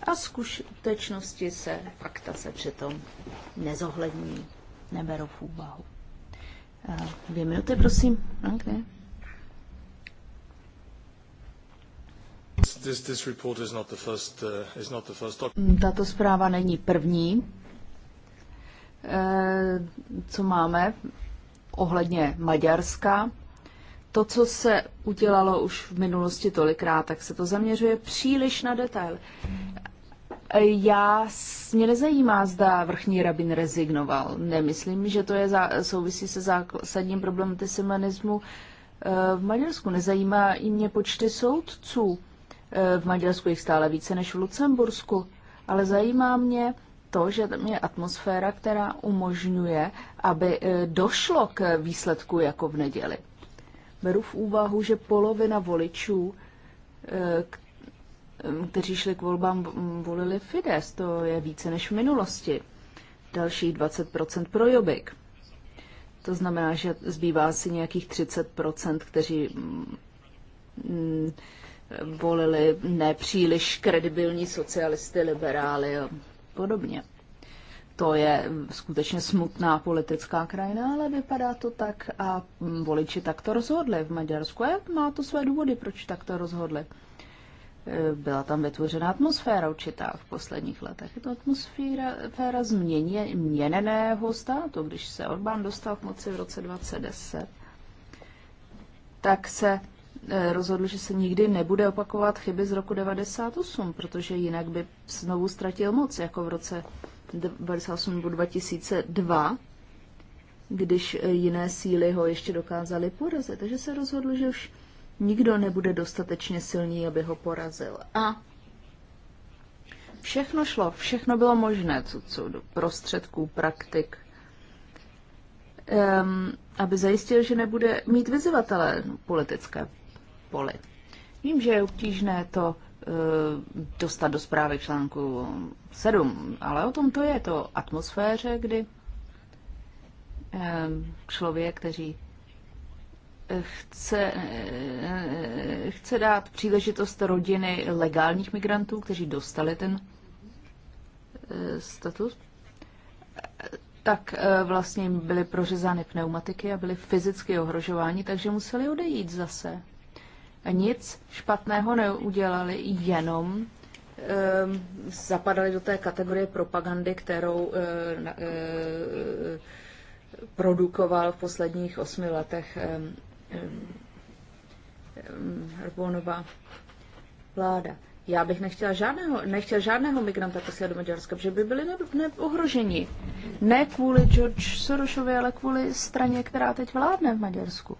A skutečnosti se, fakta se přitom nezohlední, neberou v úvahu. Eh, dvě minuty, prosím. Okay. Tato zpráva není první, eh, co máme ohledně Maďarska. To, co se udělalo už v minulosti tolikrát, tak se to zaměřuje příliš na detail. Eh, já mě nezajímá, zda vrchní rabin rezignoval. Nemyslím, že to je za, souvisí se zásadním problémem antisemitismu eh, v Maďarsku. Nezajímá i mě počty soudců Eh, v Maďarsku jich stále více než v Lucembursku, ale zajímá mě to, že tam je atmosféra, která umožňuje, aby eh, došlo k výsledku jako v neděli. Beru v úvahu, že polovina voličů, eh, kteří šli k volbám, mm, volili Fides, to je více než v minulosti. Dalších 20% pro Jobik. To znamená, že zbývá si nějakých 30%, kteří mm, mm, volili nepříliš kredibilní socialisty, liberály a podobně. To je skutečně smutná politická krajina, ale vypadá to tak a voliči takto rozhodli v Maďarsku. A má to své důvody, proč takto rozhodli. E, byla tam vytvořena atmosféra určitá v posledních letech. Je to atmosféra, atmosféra změně, měněného státu. Když se Orbán dostal k moci v roce 2010, tak se Eh, rozhodl, že se nikdy nebude opakovat chyby z roku 98, protože jinak by znovu ztratil moc, jako v roce 98 nebo 2002, když eh, jiné síly ho ještě dokázaly porazit. Takže se rozhodl, že už nikdo nebude dostatečně silný, aby ho porazil. A všechno šlo, všechno bylo možné, co, co do prostředků, praktik, um, aby zajistil, že nebude mít vyzývatele politické volit. Vím, že je obtížné to e, dostat do zprávy článku 7, ale o tom to je, to atmosféře, kdy e, člověk, který e, chce, chce dát příležitost rodiny legálních migrantů, kteří dostali ten status, tak vlastně byly prořezány pneumatiky a byly fyzicky ohrožováni, takže museli odejít zase nic špatného neudělali, jenom ehm, zapadali do té kategorie propagandy, kterou eh, eh, produkoval v posledních osmi letech ehm, ehm, Rbonova vláda. Já bych nechtěla žádného, nechtěl žádného migranta posílat do Maďarska, protože by byli neohroženi. Ne kvůli George Sorosovi, ale kvůli straně, která teď vládne v Maďarsku.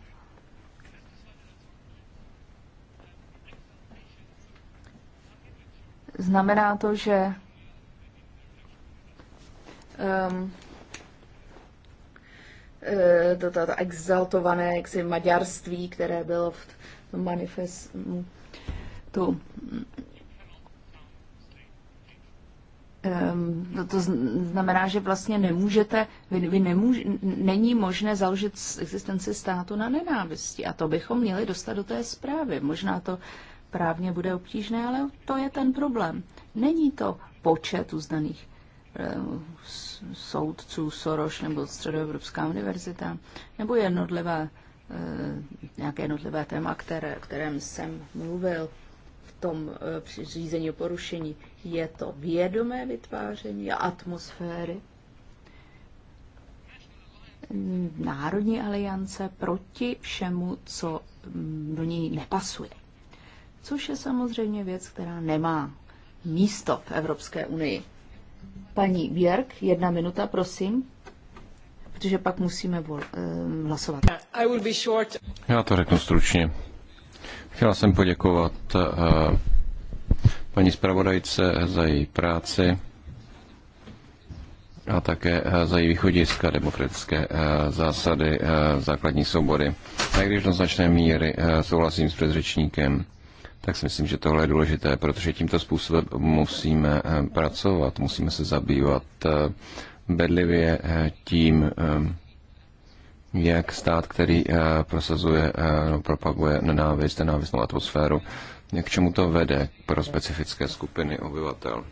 Znamená to, že um, to, to, to exaltované jaksi maďarství, které bylo v tom manifestu. Um, to, to znamená, že vlastně nemůžete, vy, vy nemůž, není možné založit existenci státu na nenávisti. A to bychom měli dostat do té zprávy. Možná to právně bude obtížné, ale to je ten problém. Není to počet uznaných eh, soudců Soroš nebo Středoevropská univerzita, nebo jednotlivé, eh, nějaké jednotlivé téma, které, kterém jsem mluvil v tom eh, řízení o porušení. Je to vědomé vytváření atmosféry, Národní aliance proti všemu, co mm, do ní nepasuje což je samozřejmě věc, která nemá místo v Evropské unii. Paní Björk, jedna minuta, prosím, protože pak musíme vol, eh, hlasovat. Já to řeknu stručně. Chtěla jsem poděkovat eh, paní zpravodajce za její práci a také eh, za její východiska, demokratické eh, zásady, eh, základní soubory. A když do značné míry souhlasím s předřečníkem, tak si myslím, že tohle je důležité, protože tímto způsobem musíme eh, pracovat, musíme se zabývat eh, bedlivě eh, tím, jak stát, který prosazuje, propaguje nenávist, nenávistnou atmosféru, k čemu to vede pro specifické skupiny obyvatel.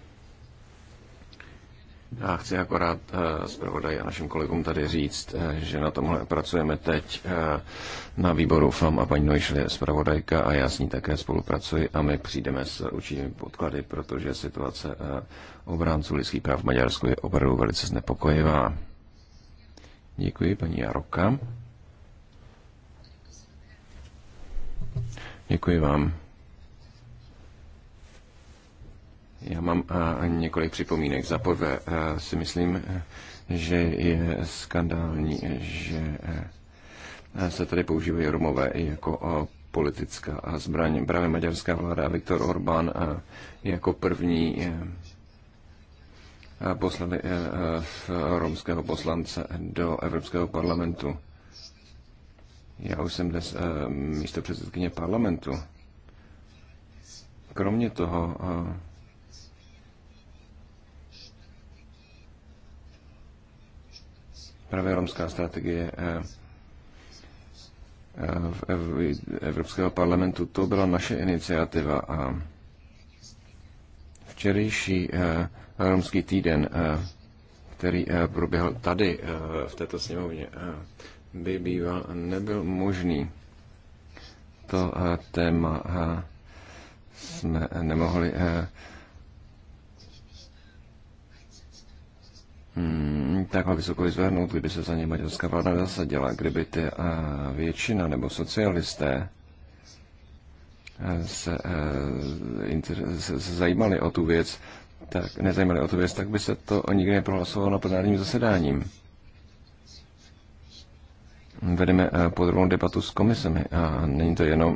Já chci akorát eh, zpravodaj a našim kolegům tady říct, eh, že na tomhle pracujeme teď eh, na výboru FAM a paní Nojšl je zpravodajka a já s ní také spolupracuji a my přijdeme s určitými podklady, protože situace obránců lidských práv v Maďarsku je opravdu velice znepokojivá. Děkuji, paní Jaroka. Děkuji vám. Já mám několik připomínek. Za prvé si myslím, že je skandální, že se tady používají Romové jako politická zbraň. Právě maďarská vláda Viktor Orbán jako první poslali romského poslance do Evropského parlamentu. Já už jsem dnes místo předsedkyně parlamentu. Kromě toho Právě romská strategie eh, eh, eh, v Evropského parlamentu, to byla naše iniciativa a včerejší romský týden, který proběhl tady v této sněmovně, by býval nebyl možný. To téma jsme nemohli Hmm, takhle vysoko zvednout, kdyby se za ně maďarská vláda zasadila, kdyby ty a, eh, většina nebo socialisté eh, se, eh, se, se zajímali o tu věc, tak nezajímali o tu věc, tak by se to nikdy neprohlasovalo na plenárním zasedáním. Vedeme podrobnou debatu s komisemi a není to jenom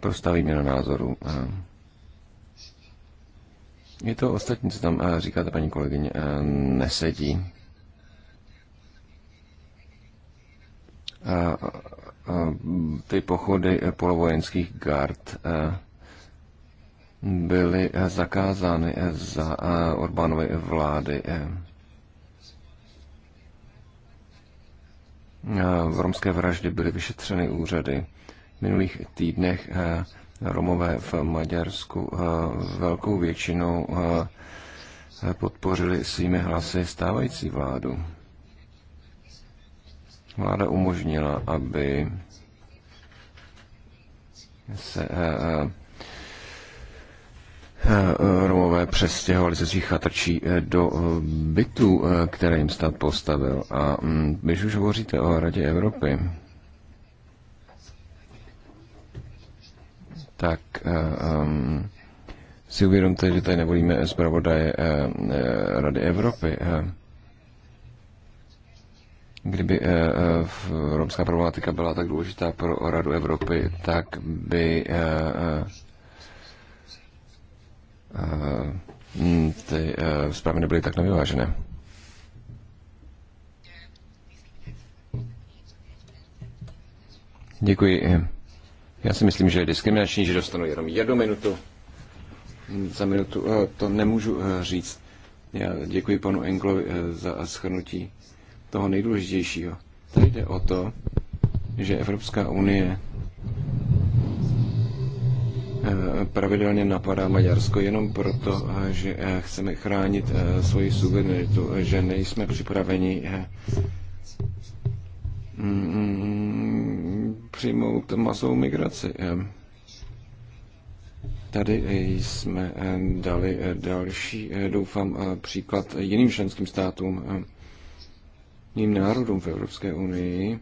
prostá na názoru. A, je to ostatní, co tam eh, říkáte, paní kolegyně, eh, nesedí. Eh, ty pochody polovojenských gard byly zakázány za Orbánovy vlády. V romské vraždy byly vyšetřeny úřady. V minulých týdnech Romové v Maďarsku eh, velkou většinou eh, podpořili svými hlasy stávající vládu. Vláda umožnila, aby se eh, Romové přestěhovali ze svých chatrčí do bytů, které jim stát postavil. A mm, když už hovoříte o Radě Evropy, tak um, si uvědomte, že tady nevolíme zpravodaj uh, eh, eh, Rady Evropy. Uh, kdyby uh, uh, romská problematika byla tak důležitá pro Radu Evropy, tak by uh, uh, ty uh, zprávy nebyly tak nevyvážené. Děkuji. Já si myslím, že je diskriminační, že dostanu jenom jednu minutu. Za minutu eh, to nemůžu eh, říct. Já děkuji panu Englovi eh, za shrnutí toho nejdůležitějšího. Tady jde o to, že Evropská unie pravidelně napadá Maďarsko jenom proto, že chceme chránit svoji suverenitu, že nejsme připraveni mm, mm, přijmout masovou migraci. Eh, tady eh, jsme eh, dali další, doufám, příklad jiným členským státům, jiným národům v Evropské unii.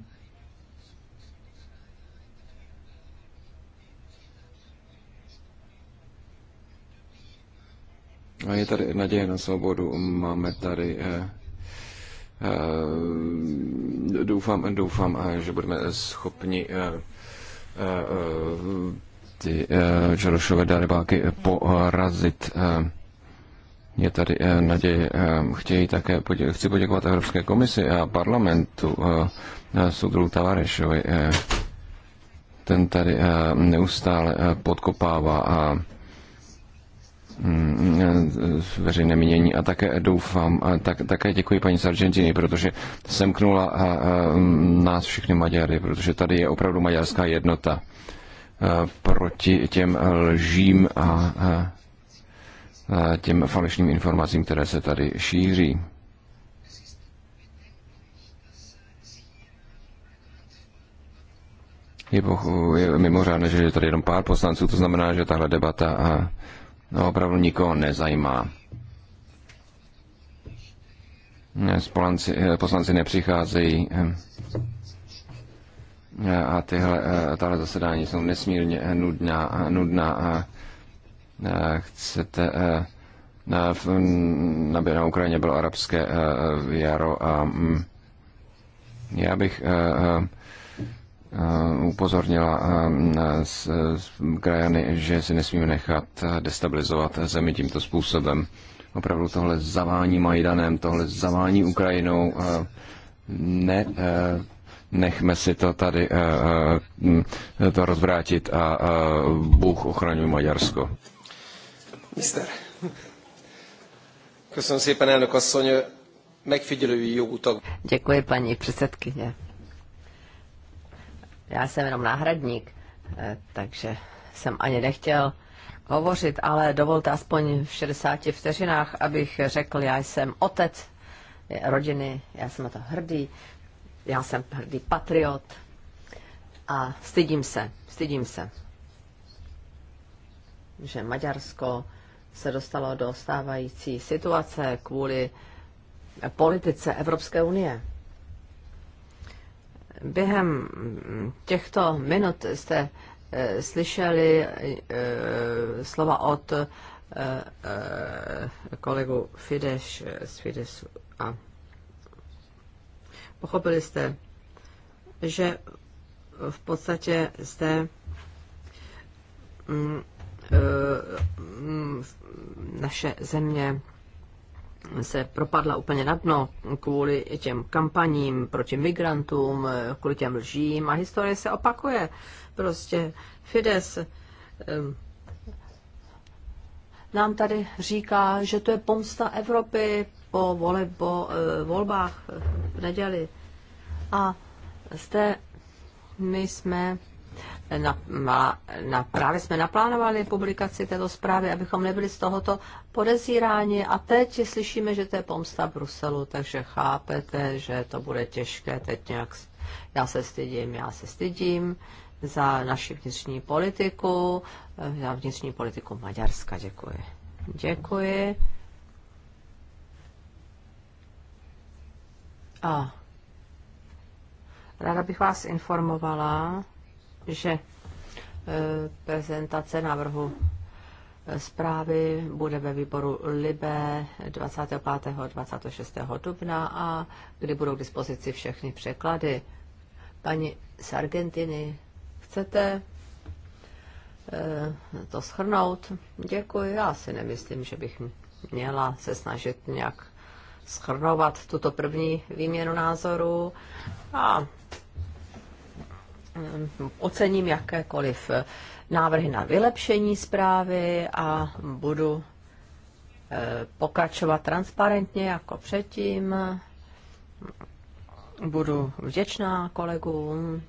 A je tady naděje na svobodu. Máme tady eh, Eh, doufám, doufám, eh, že budeme schopni eh, ty žerošové darebáky porazit. Je tady naděje. Chtějí také, podě- chci poděkovat Evropské komisi a parlamentu Sudru Tavarešovi. Ten tady neustále podkopává a Mm, mm, veřejné mínění a také doufám, a tak, také děkuji paní Sargentini, protože semknula a, a, mm, nás všechny Maďary, protože tady je opravdu maďarská jednota a, proti těm lžím a, a, a těm falešným informacím, které se tady šíří. Je, poch- je mimořádné, že je tady jenom pár poslanců, to znamená, že tahle debata a, no, opravdu nikoho nezajímá. Spolanci, eh, poslanci nepřicházejí eh, a tyhle, eh, tahle zasedání jsou nesmírně nudná, nudná a chcete na, na, na Ukrajině bylo arabské jaro a mm, já bych Eh, upozornila eh, s krajany, že si nesmíme nechat destabilizovat zemi tímto způsobem. Opravdu tohle zavání Majdanem, tohle zavání Ukrajinou, eh, ne, nechme si to tady to rozvrátit a Bůh ochraňuje Maďarsko. Mister. Köszönöm szépen, elnök asszony. Megfigyelői jogutag. Děkuji, paní předsedkyně. Já jsem jenom náhradník, eh, takže jsem ani nechtěl hovořit, ale dovolte aspoň v 60 vteřinách, abych řekl, já jsem otec rodiny, já jsem na to hrdý, já jsem hrdý patriot a stydím se, stydím se, že Maďarsko se dostalo do stávající situace kvůli politice Evropské unie. Během těchto minut jste eh, slyšeli eh, slova od eh, kolegu Fidesz z Fidesu a pochopili jste, že v podstatě jste mm, mm, naše země se propadla úplně na dno kvůli těm kampaním proti migrantům, kvůli těm lžím a historie se opakuje. Prostě Fides nám tady říká, že to je pomsta Evropy po volebo, e, volbách v neděli. A zde my jsme na, na, právě jsme naplánovali publikaci této zprávy, abychom nebyli z tohoto podezíráni a teď slyšíme, že to je pomsta Bruselu, takže chápete, že to bude těžké teď nějak. Já se stydím, já se stydím za naši vnitřní politiku, eh, za vnitřní politiku Maďarska. Děkuji. Děkuji. A ráda bych vás informovala, že e, prezentace návrhu e, zprávy bude ve výboru Libe 25. a 26. dubna a kdy budou k dispozici všechny překlady. Paní z Argentiny, chcete e, to schrnout? Děkuji, já si nemyslím, že bych měla se snažit nějak schrnovat tuto první výměnu názoru a Eh, ocením jakékoliv eh, návrhy na vylepšení zprávy a budu eh, pokračovat transparentně jako předtím. Budu vděčná kolegům.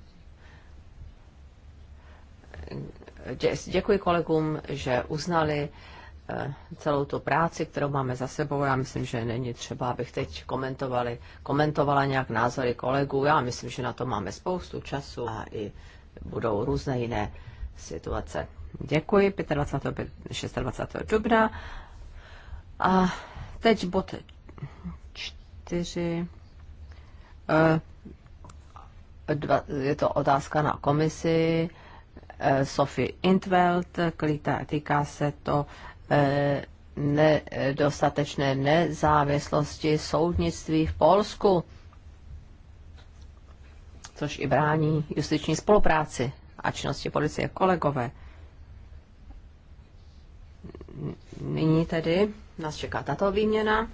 Děkuji kolegům, že uznali Eh, celou tu práci, kterou máme za sebou. Já myslím, že není třeba, abych teď komentovali, komentovala nějak názory kolegů. Já myslím, že na to máme spoustu času a i budou různé jiné situace. Děkuji, 25. 26. dubna. A teď bod 4. Eh, je to otázka na komisi. Eh, Sophie Intveld, týká se to E, nedostatečné nezávislosti soudnictví v Polsku, což i brání justiční spolupráci a činnosti policie. Kolegové, nyní tedy nás čeká tato výměna.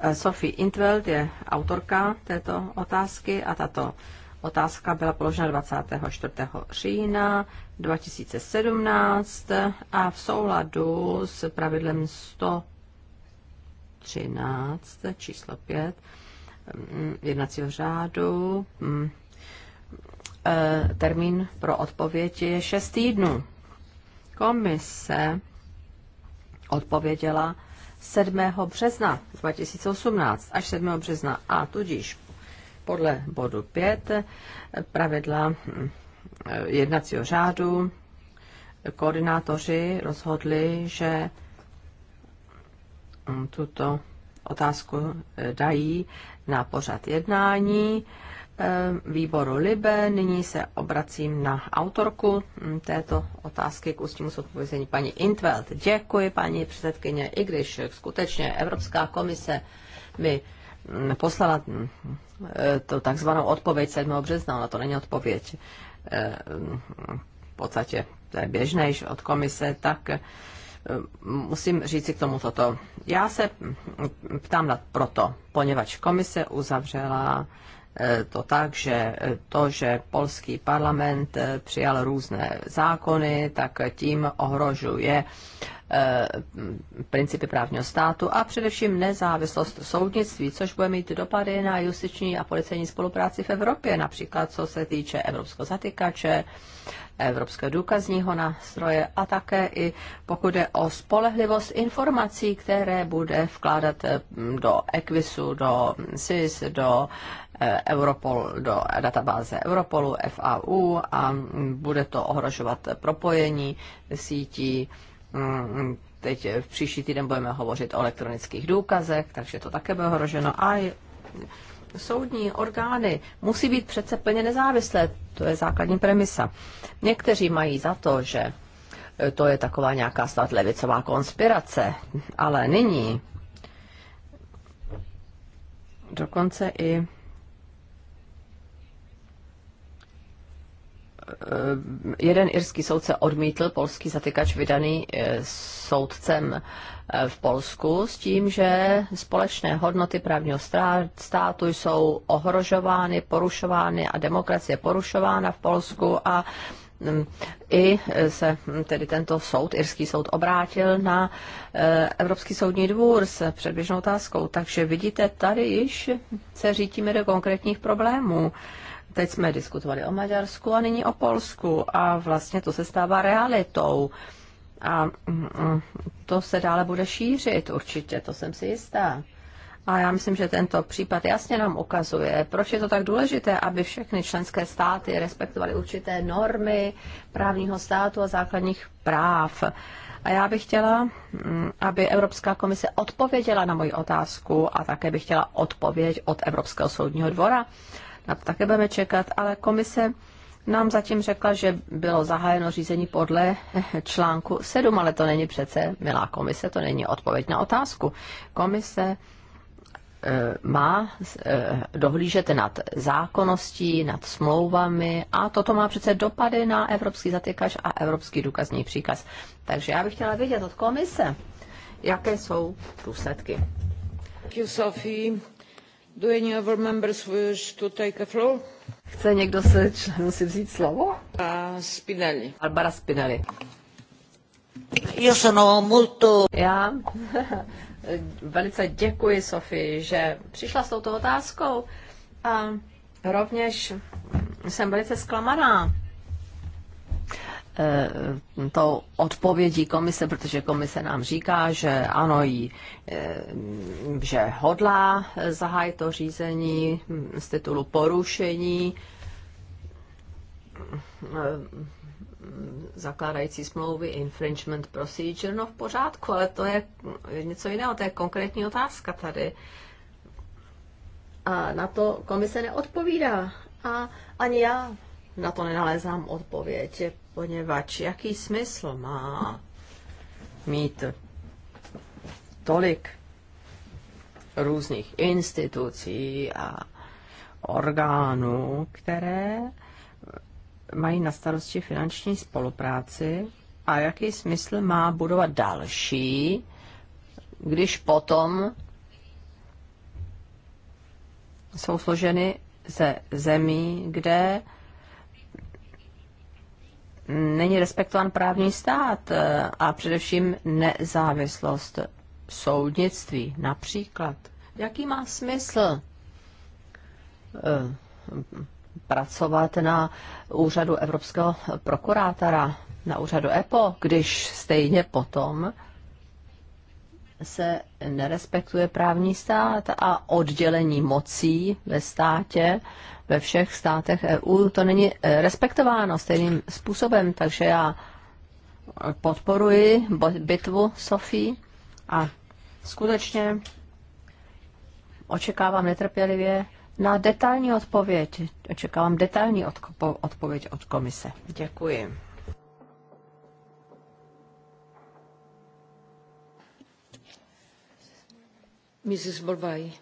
E, Sophie Intveld je autorka této otázky a tato Otázka byla položena 24. října 2017 a v souladu s pravidlem 113 číslo 5 mm, jednacího řádu mm, e, termín pro odpověď je 6 týdnů. Komise odpověděla 7. března 2018 až 7. března a tudíž podle bodu 5 pravidla jednacího řádu koordinátoři rozhodli, že mm, tuto otázku e, dají na pořad jednání e, výboru Libe. Nyní se obracím na autorku mm, této otázky k ústnímu zodpovězení paní Intveld. Děkuji, paní předsedkyně, i když skutečně Evropská komise mi poslala mm, eh, to takzvanou odpověď 7. března, ale to není odpověď eh, v podstatě to je běžné již od komise, tak eh, musím si k tomu toto. Já se ptám na proto, poněvadž komise uzavřela to tak, že to, že polský parlament přijal různé zákony, tak tím ohrožuje Eh, principy právního státu a především nezávislost soudnictví, což bude mít dopady na justiční a policejní spolupráci v Evropě, například co se týče evropského zatykače, evropského důkazního nástroje a také i pokud je o spolehlivost informací, které bude vkládat eh, do EQUISu, do SIS, do eh, Europol, do databáze Europolu, FAU a bude to ohrožovat propojení sítí Teď v příští týden budeme hovořit o elektronických důkazech, takže to také bylo hroženo. A soudní orgány musí být přece plně nezávislé, to je základní premisa. Někteří mají za to, že e, to je taková nějaká snad levicová konspirace, ale nyní dokonce i Eh, jeden irský soudce odmítl polský zatykač vydaný eh, soudcem eh, v Polsku s tím, že společné hodnoty právního státu jsou ohrožovány, porušovány a demokracie porušována v Polsku a mm, i se mm, tedy tento soud, irský soud, obrátil na Evropský soudní dvůr s předběžnou otázkou. Takže vidíte, tady již se řítíme do konkrétních problémů. Teď jsme diskutovali o Maďarsku a nyní o Polsku a vlastně to se stává realitou. A mm, mm, to se dále bude šířit určitě, to jsem si jistá. A já myslím, že tento případ jasně nám ukazuje, proč je to tak důležité, aby všechny členské státy respektovaly určité normy právního státu a základních práv. A já bych chtěla, mm, aby Evropská komise odpověděla na moji otázku a také bych chtěla odpověď od Evropského soudního dvora na to také budeme čekat, ale komise nám zatím řekla, že bylo zahájeno řízení podle článku 7, ale to není přece, milá komise, to není odpověď na otázku. Komise eh, má eh, dohlížet nad zákonností, nad smlouvami a toto má přece dopady na evropský zatykač a evropský důkazní příkaz. Takže já bych chtěla vědět od komise, jaké jsou důsledky. you, Sophie. Chce někdo se členů si vzít slovo? A Spinelli. Albara Spinelli. Io sono molto... Já velice děkuji, Sofii, že přišla s touto otázkou. A rovněž jsem velice zklamaná Eh, tou odpovědí komise, protože komise nám říká, že ano, jí, eh, že hodlá zahájit to řízení z titulu porušení eh, zakládající smlouvy, infringement procedure, no v pořádku, ale to je něco jiného, to je konkrétní otázka tady. A na to komise neodpovídá. A ani já na to nenalézám odpověď, poněvadž jaký smysl má mít tolik různých institucí a orgánů, které mají na starosti finanční spolupráci a jaký smysl má budovat další, když potom jsou složeny ze zemí, kde není respektován právní stát eh, a především nezávislost soudnictví například. Jaký má smysl eh, pracovat na úřadu Evropského prokurátora, na úřadu EPO, když stejně potom se nerespektuje právní stát a oddělení mocí ve státě, ve všech státech EU, to není eh, respektováno stejným způsobem, takže já podporuji bitvu Sofí a skutečně očekávám netrpělivě na detailní odpověď. Očekávám detailní odpověď od komise. Děkuji. Mrs. Bolvaj.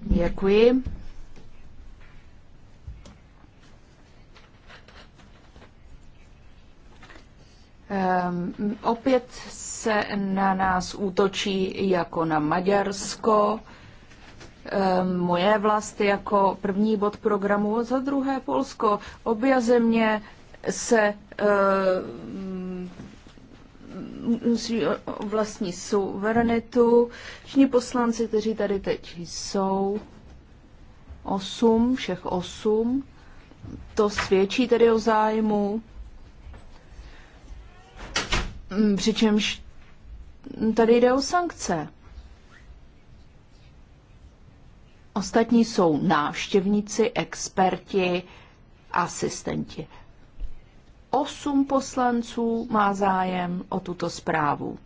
Děkuji. Ehm, opět se na nás útočí jako na Maďarsko, ehm, moje vlast jako první bod programu, za druhé Polsko. Obě země se eh, musí o vlastní suverenitu. Všichni poslanci, kteří tady teď jsou, osm, všech osm, to svědčí tedy o zájmu, mm, přičemž tady jde o sankce. Ostatní jsou návštěvníci, experti, asistenti osm poslanců má zájem o tuto zprávu,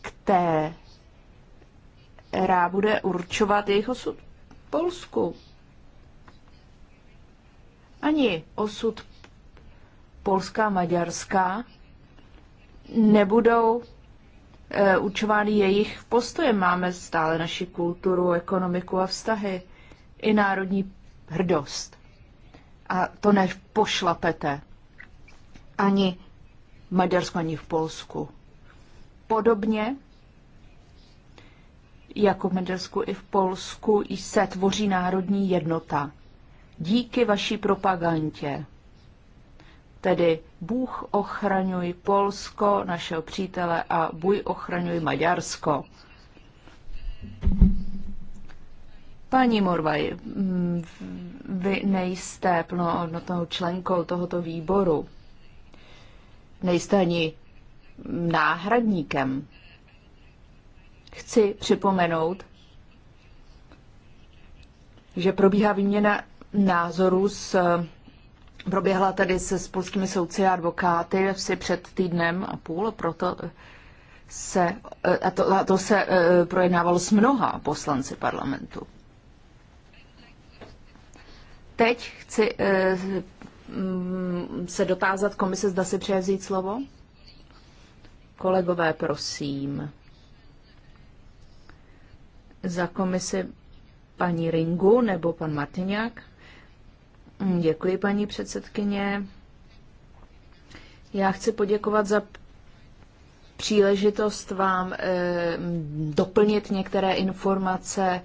která bude určovat jejich osud Polsku. Ani osud Polska a Maďarska nebudou e, určovány jejich postoje. Máme stále naši kulturu, ekonomiku a vztahy i národní hrdost. A to nepošlapete. pošlapete ani v Maďarsku, ani v Polsku. Podobně jako v Maďarsku i v Polsku se tvoří národní jednota. Díky vaší propagandě. Tedy Bůh ochraňuj Polsko, našeho přítele, a Bůh ochraňuj Maďarsko. Paní Morvaj, vy nejste plnohodnotnou členkou tohoto výboru nejste ani náhradníkem. Chci připomenout, že probíhá výměna názorů s Proběhla tady se s polskými soudci a advokáty si před týdnem a půl, proto se, a to, a to se e, projednávalo s mnoha poslanci parlamentu. Teď chci e, Mm, se dotázat komise, zda si přeje vzít slovo? Kolegové, prosím. Za komisi paní Ringu nebo pan Martinák? Mm, děkuji, paní předsedkyně. Já chci poděkovat za příležitost vám e, doplnit některé informace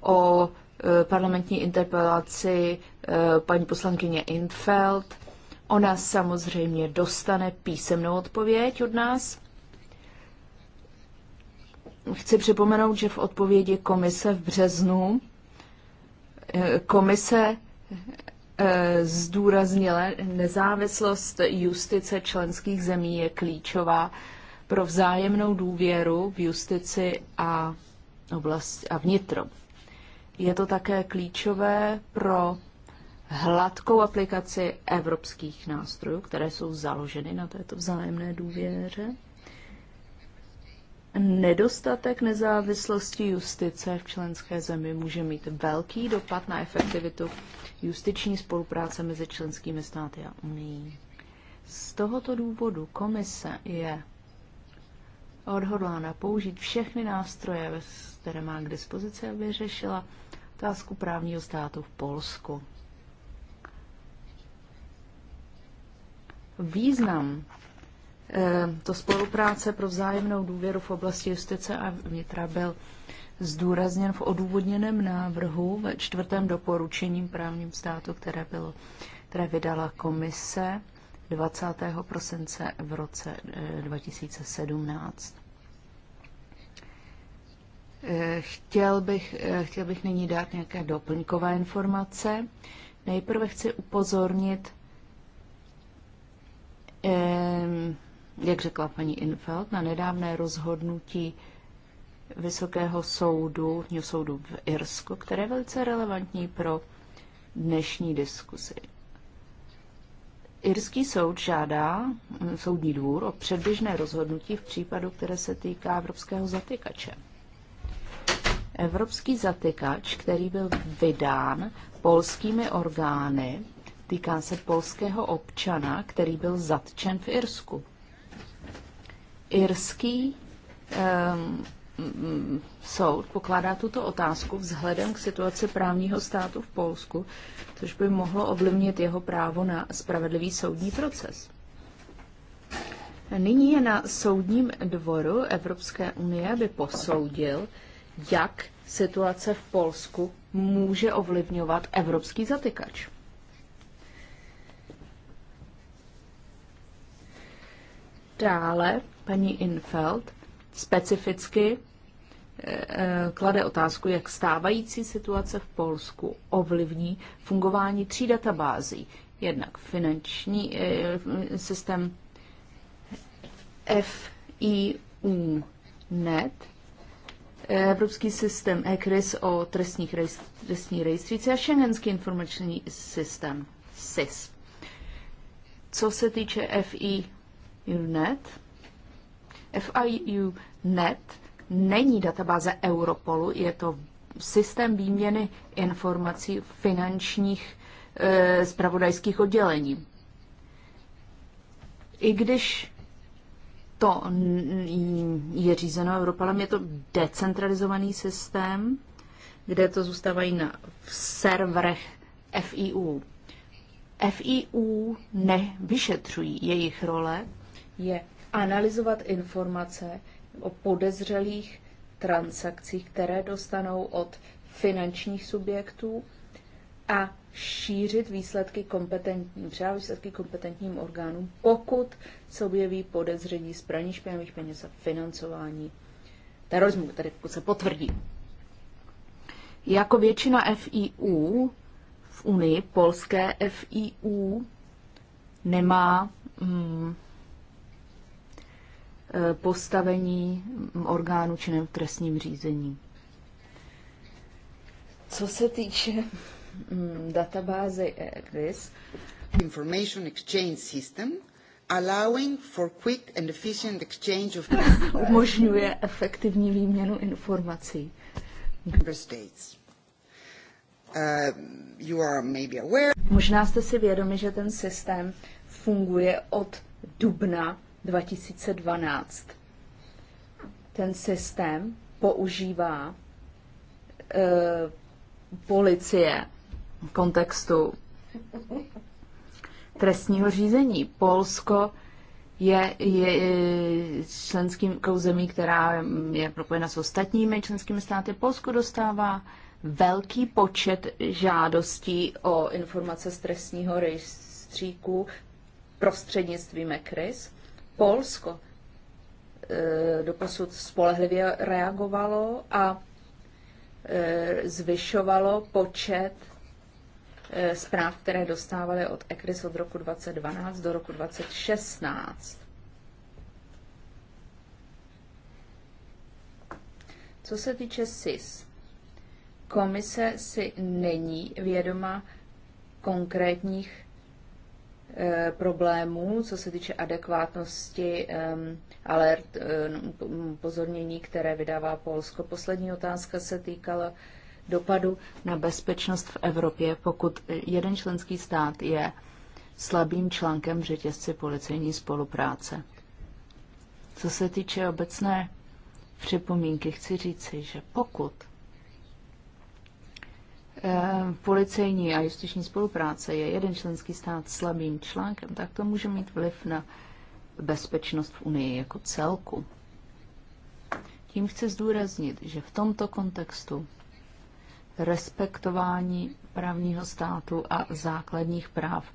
o Eh, parlamentní interpelaci eh, paní poslankyně Infeld. Ona samozřejmě dostane písemnou odpověď od nás. Chci připomenout, že v odpovědi komise v březnu eh, komise zdůraznila nezávislost justice členských zemí je klíčová pro vzájemnou důvěru v justici a oblast a vnitro. Je to také klíčové pro hladkou aplikaci evropských nástrojů, které jsou založeny na této vzájemné důvěře. Nedostatek nezávislosti justice v členské zemi může mít velký dopad na efektivitu justiční spolupráce mezi členskými státy a Unii. Z tohoto důvodu komise je odhodlána použít všechny nástroje, které má k dispozici, aby řešila otázku právního státu v Polsku. Význam eh, to spolupráce pro vzájemnou důvěru v oblasti justice a vnitra byl zdůrazněn v odůvodněném návrhu ve čtvrtém doporučení právním státu, které, bylo, které vydala komise 20. prosince v roce 2017. Eh, Eh, chtěl bych, eh, chtěl bych nyní dát nějaké doplňkové informace. Nejprve chci upozornit, eh, jak řekla paní Infeld, na nedávné rozhodnutí Vysokého soudu, soudu v Irsku, které je velice relevantní pro dnešní diskusi. Irský soud žádá mm, soudní dvůr o předběžné rozhodnutí v případu, které se týká evropského zatykače. Evropský zatykač, který byl vydán polskými orgány, týká se polského občana, který byl zatčen v Irsku. Irský um, soud pokládá tuto otázku vzhledem k situaci právního státu v Polsku, což by mohlo ovlivnit jeho právo na spravedlivý soudní proces. Nyní je na soudním dvoru Evropské unie, aby posoudil, jak situace v Polsku může ovlivňovat evropský zatykač. Dále paní Infeld specificky eh, eh, klade otázku, jak stávající situace v Polsku ovlivní fungování tří databází. Jednak finanční eh, systém FIU.net Evropský systém ECRIS o trestních rejst, trestní rejstříci a Schengenský informační systém SIS. Co se týče FIUNet, FIUNet není databáze Europolu, je to systém výměny informací finančních e, eh, spravodajských oddělení. I když to je řízeno Europolem, je to decentralizovaný systém, kde to zůstávají na v serverech FIU. FIU nevyšetřují jejich role, je analyzovat informace o podezřelých transakcích, které dostanou od finančních subjektů a šířit výsledky kompetentním, třeba výsledky kompetentním orgánům, pokud se objeví podezření z praní špinavých peněz a financování terorismu, tedy pokud se potvrdí. Jako většina FIU v Unii, polské FIU nemá hmm, postavení mm, orgánu činném v trestním řízení. Co se týče Mm, databázi ECRIS. Information Exchange System allowing for quick and efficient exchange of umožňuje efektivní výměnu informací. Member states. Uh, you are maybe aware. Možná jste si vědomi, že ten systém funguje od dubna 2012. Ten systém používá uh, policie kontextu trestního řízení. Polsko je, je členským zemí, která je propojena s ostatními členskými státy. Polsko dostává velký počet žádostí o informace z trestního rejstříku prostřednictvím ECRIS. Polsko e, doposud spolehlivě reagovalo a e, zvyšovalo počet Eh, zpráv, které dostávaly od ECRIS od roku 2012 do roku 2016. Co se týče SIS, komise si není vědoma konkrétních e, problémů, co se týče adekvátnosti e, alert, e, ehm, pozornění, které vydává Polsko. Poslední otázka se týkala e, dopadu na bezpečnost v Evropě, pokud jeden členský stát je slabým článkem v řetězci policejní spolupráce. Co se týče obecné připomínky, chci říci, že pokud eh, policejní a justiční spolupráce je jeden členský stát slabým článkem, tak to může mít vliv na bezpečnost v Unii jako celku. Tím chci zdůraznit, že v tomto kontextu respektování právního státu a základních práv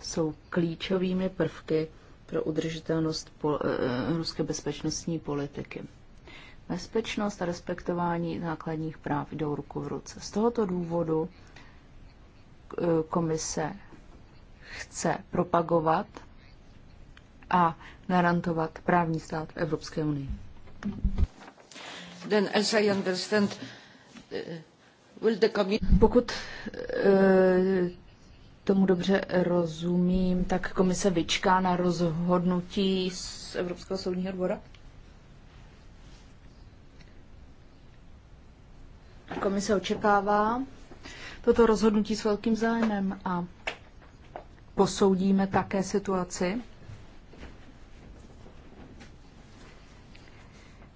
jsou klíčovými prvky pro udržitelnost pol, eh, eh, ruské bezpečnostní politiky. Bezpečnost a respektování základních práv jdou ruku v ruce. Z tohoto důvodu eh, komise chce propagovat a garantovat právní stát v Evropské unii. Den, as I understand, pokud eh, tomu dobře rozumím, tak komise vyčká na rozhodnutí z Evropského soudního dvora? Komise očekává toto rozhodnutí s velkým zájmem a posoudíme také situaci.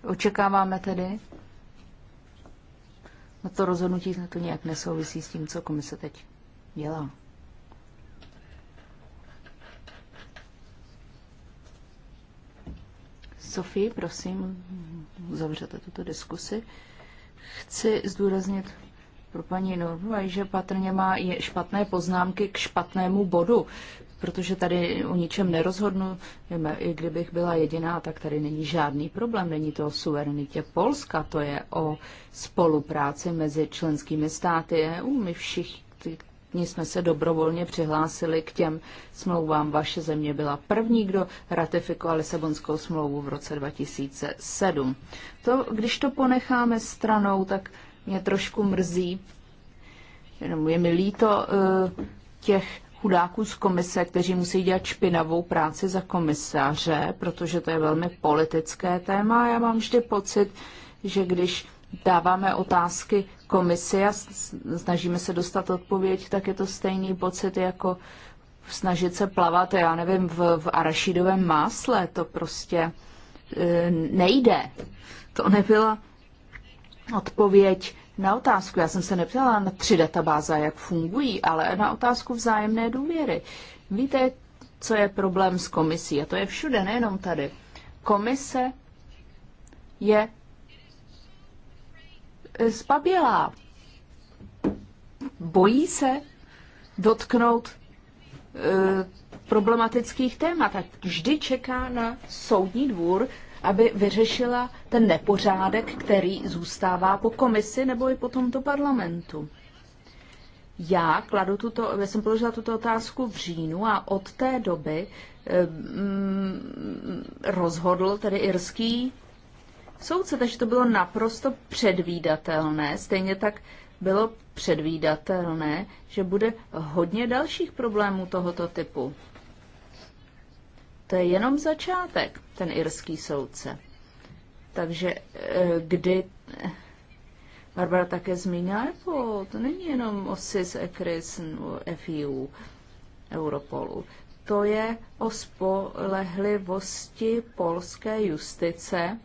Očekáváme tedy, No to rozhodnutí na to nějak nesouvisí s tím, co komise teď dělá. Sofie, prosím, zavřete tuto diskusi. Chci zdůraznit pro paní Novu, že patrně má špatné poznámky k špatnému bodu, protože tady o ničem nerozhodnu. I kdybych byla jediná, tak tady není žádný problém. Není to o suverenitě Polska, to je o spolupráci mezi členskými státy EU. My všichni jsme se dobrovolně přihlásili k těm smlouvám. Vaše země byla první, kdo ratifikoval Lisabonskou smlouvu v roce 2007. To, když to ponecháme stranou, tak mě trošku mrzí, jenom je mi líto eh, těch chudáků z komise, kteří musí dělat špinavou práci za komisaře, protože to je velmi politické téma. Já mám vždy pocit, že když dáváme otázky komisi a snažíme se dostat odpověď, tak je to stejný pocit jako snažit se plavat, já nevím, v, v arašidovém másle. To prostě e, nejde. To nebyla odpověď na otázku, já jsem se neptala na tři databáze, jak fungují, ale na otázku vzájemné důvěry. Víte, co je problém s komisí? A to je všude, nejenom tady. Komise je zbabělá. Bojí se dotknout e, problematických témat. A vždy čeká na soudní dvůr aby vyřešila ten nepořádek, který zůstává po komisi nebo i po tomto parlamentu. Já kladu tuto, já jsem položila tuto otázku v říjnu a od té doby eh, mm, rozhodl tedy irský soudce, takže to bylo naprosto předvídatelné. Stejně tak bylo předvídatelné, že bude hodně dalších problémů tohoto typu. To je jenom začátek, ten irský soudce. Takže eh, kdy eh, Barbara také zmínila Apple, to není jenom o SIS, ECRIS, FIU, Europolu. To je o spolehlivosti polské justice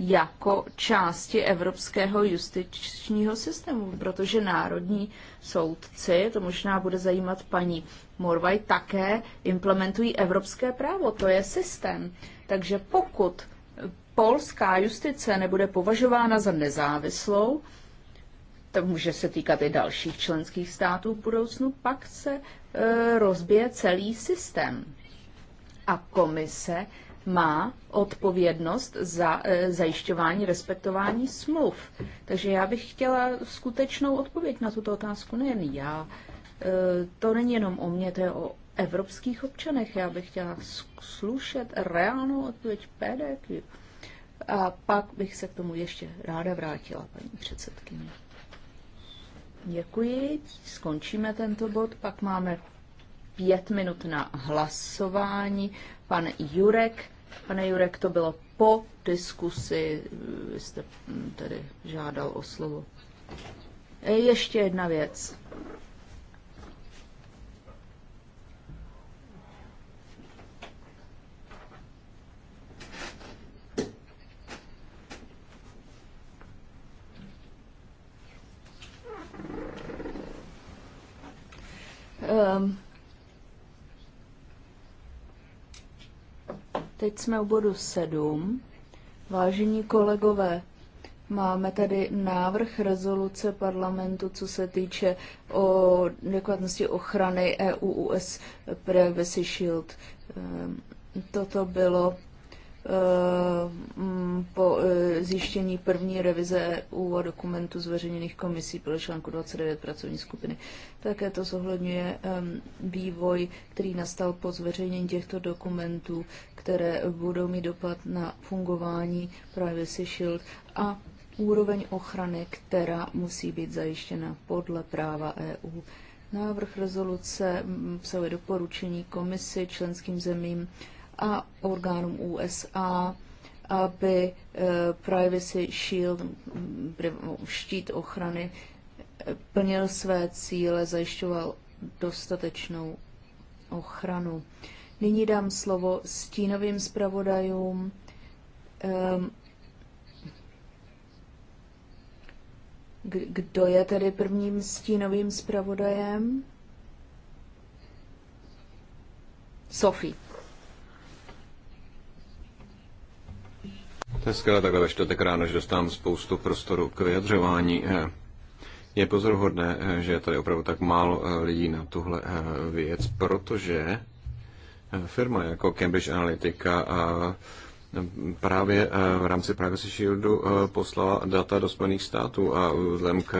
jako části evropského justičního systému, protože národní soudci, to možná bude zajímat paní Morvaj, také implementují evropské právo, to je systém. Takže pokud polská justice nebude považována za nezávislou, to může se týkat i dalších členských států v budoucnu, pak se e, rozbije celý systém. A komise má odpovědnost za e, zajišťování respektování smluv. Takže já bych chtěla skutečnou odpověď na tuto otázku, nejen já. E, to není jenom o mě, to je o evropských občanech. Já bych chtěla slušet reálnou odpověď PDQ. A pak bych se k tomu ještě ráda vrátila, paní předsedkyně. Děkuji. Skončíme tento bod. Pak máme pět minut na hlasování. Pan Jurek Pane Jurek, to bylo po diskusi, vy jste hm, tedy žádal o slovo. E, ještě jedna věc. Um, Teď jsme u bodu 7. Vážení kolegové, máme tady návrh rezoluce parlamentu, co se týče o nekladnosti ochrany EU US Privacy Shield. Ehm, toto bylo Eh, mm, po eh, zjištění první revize EU a dokumentu zveřejněných komisí podle článku 29 pracovní skupiny. Také to zohledňuje eh, vývoj, který nastal po zveřejnění těchto dokumentů, které budou mít dopad na fungování Privacy Shield a úroveň ochrany, která musí být zajištěna podle práva EU. Návrh rezoluce mm, obsahuje doporučení komisi členským zemím, a orgánům USA, aby eh, Privacy Shield, mm, mm, štít ochrany, eh, plnil své cíle, zajišťoval dostatečnou ochranu. Nyní dám slovo stínovým zpravodajům. Ehm, kdo je tedy prvním stínovým zpravodajem? Sophie. Dneska tak, takhle ve čtvrtek ráno, že dostávám spoustu prostoru k vyjadřování. Je pozoruhodné, že je tady opravdu tak málo eh, lidí na tuhle eh, věc, protože eh, firma jako Cambridge Analytica a právě v rámci Privacy Shieldu poslala data do Spojených států a vzhledem k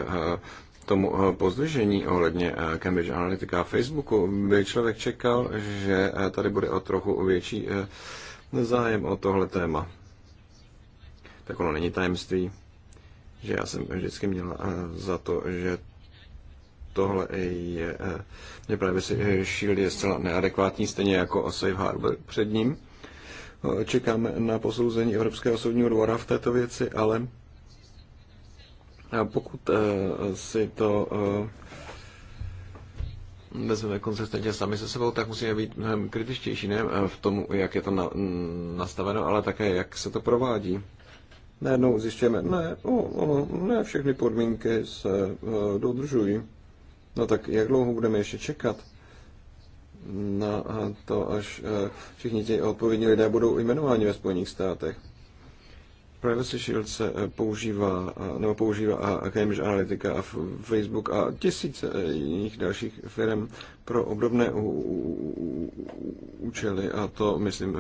tomu pozdvižení ohledně Cambridge Analytica a Facebooku by člověk čekal, že tady bude o trochu větší zájem o tohle téma tak ono není tajemství, že já jsem vždycky měla eh, za to, že tohle je, eh, právě si eh, Shield je zcela neadekvátní, stejně jako Safe Harbor před ním. Čekáme na posouzení Evropského soudního dvora v této věci, ale pokud si to vezmeme konzistentně sami se sebou, tak musíme být mnohem kritičtější ne v tom, jak je to nastaveno, ale také jak se to provádí najednou zjišťujeme, ne, o, o, ne všechny podmínky se e, dodržují. No tak jak dlouho budeme ještě čekat na eh, to, až e, všichni ti odpovědní lidé budou jmenováni ve Spojených státech? Privacy Shield se používá, nebo používá a Cambridge Analytica a Facebook a tisíce jiných dalších firm pro obdobné účely a to, myslím,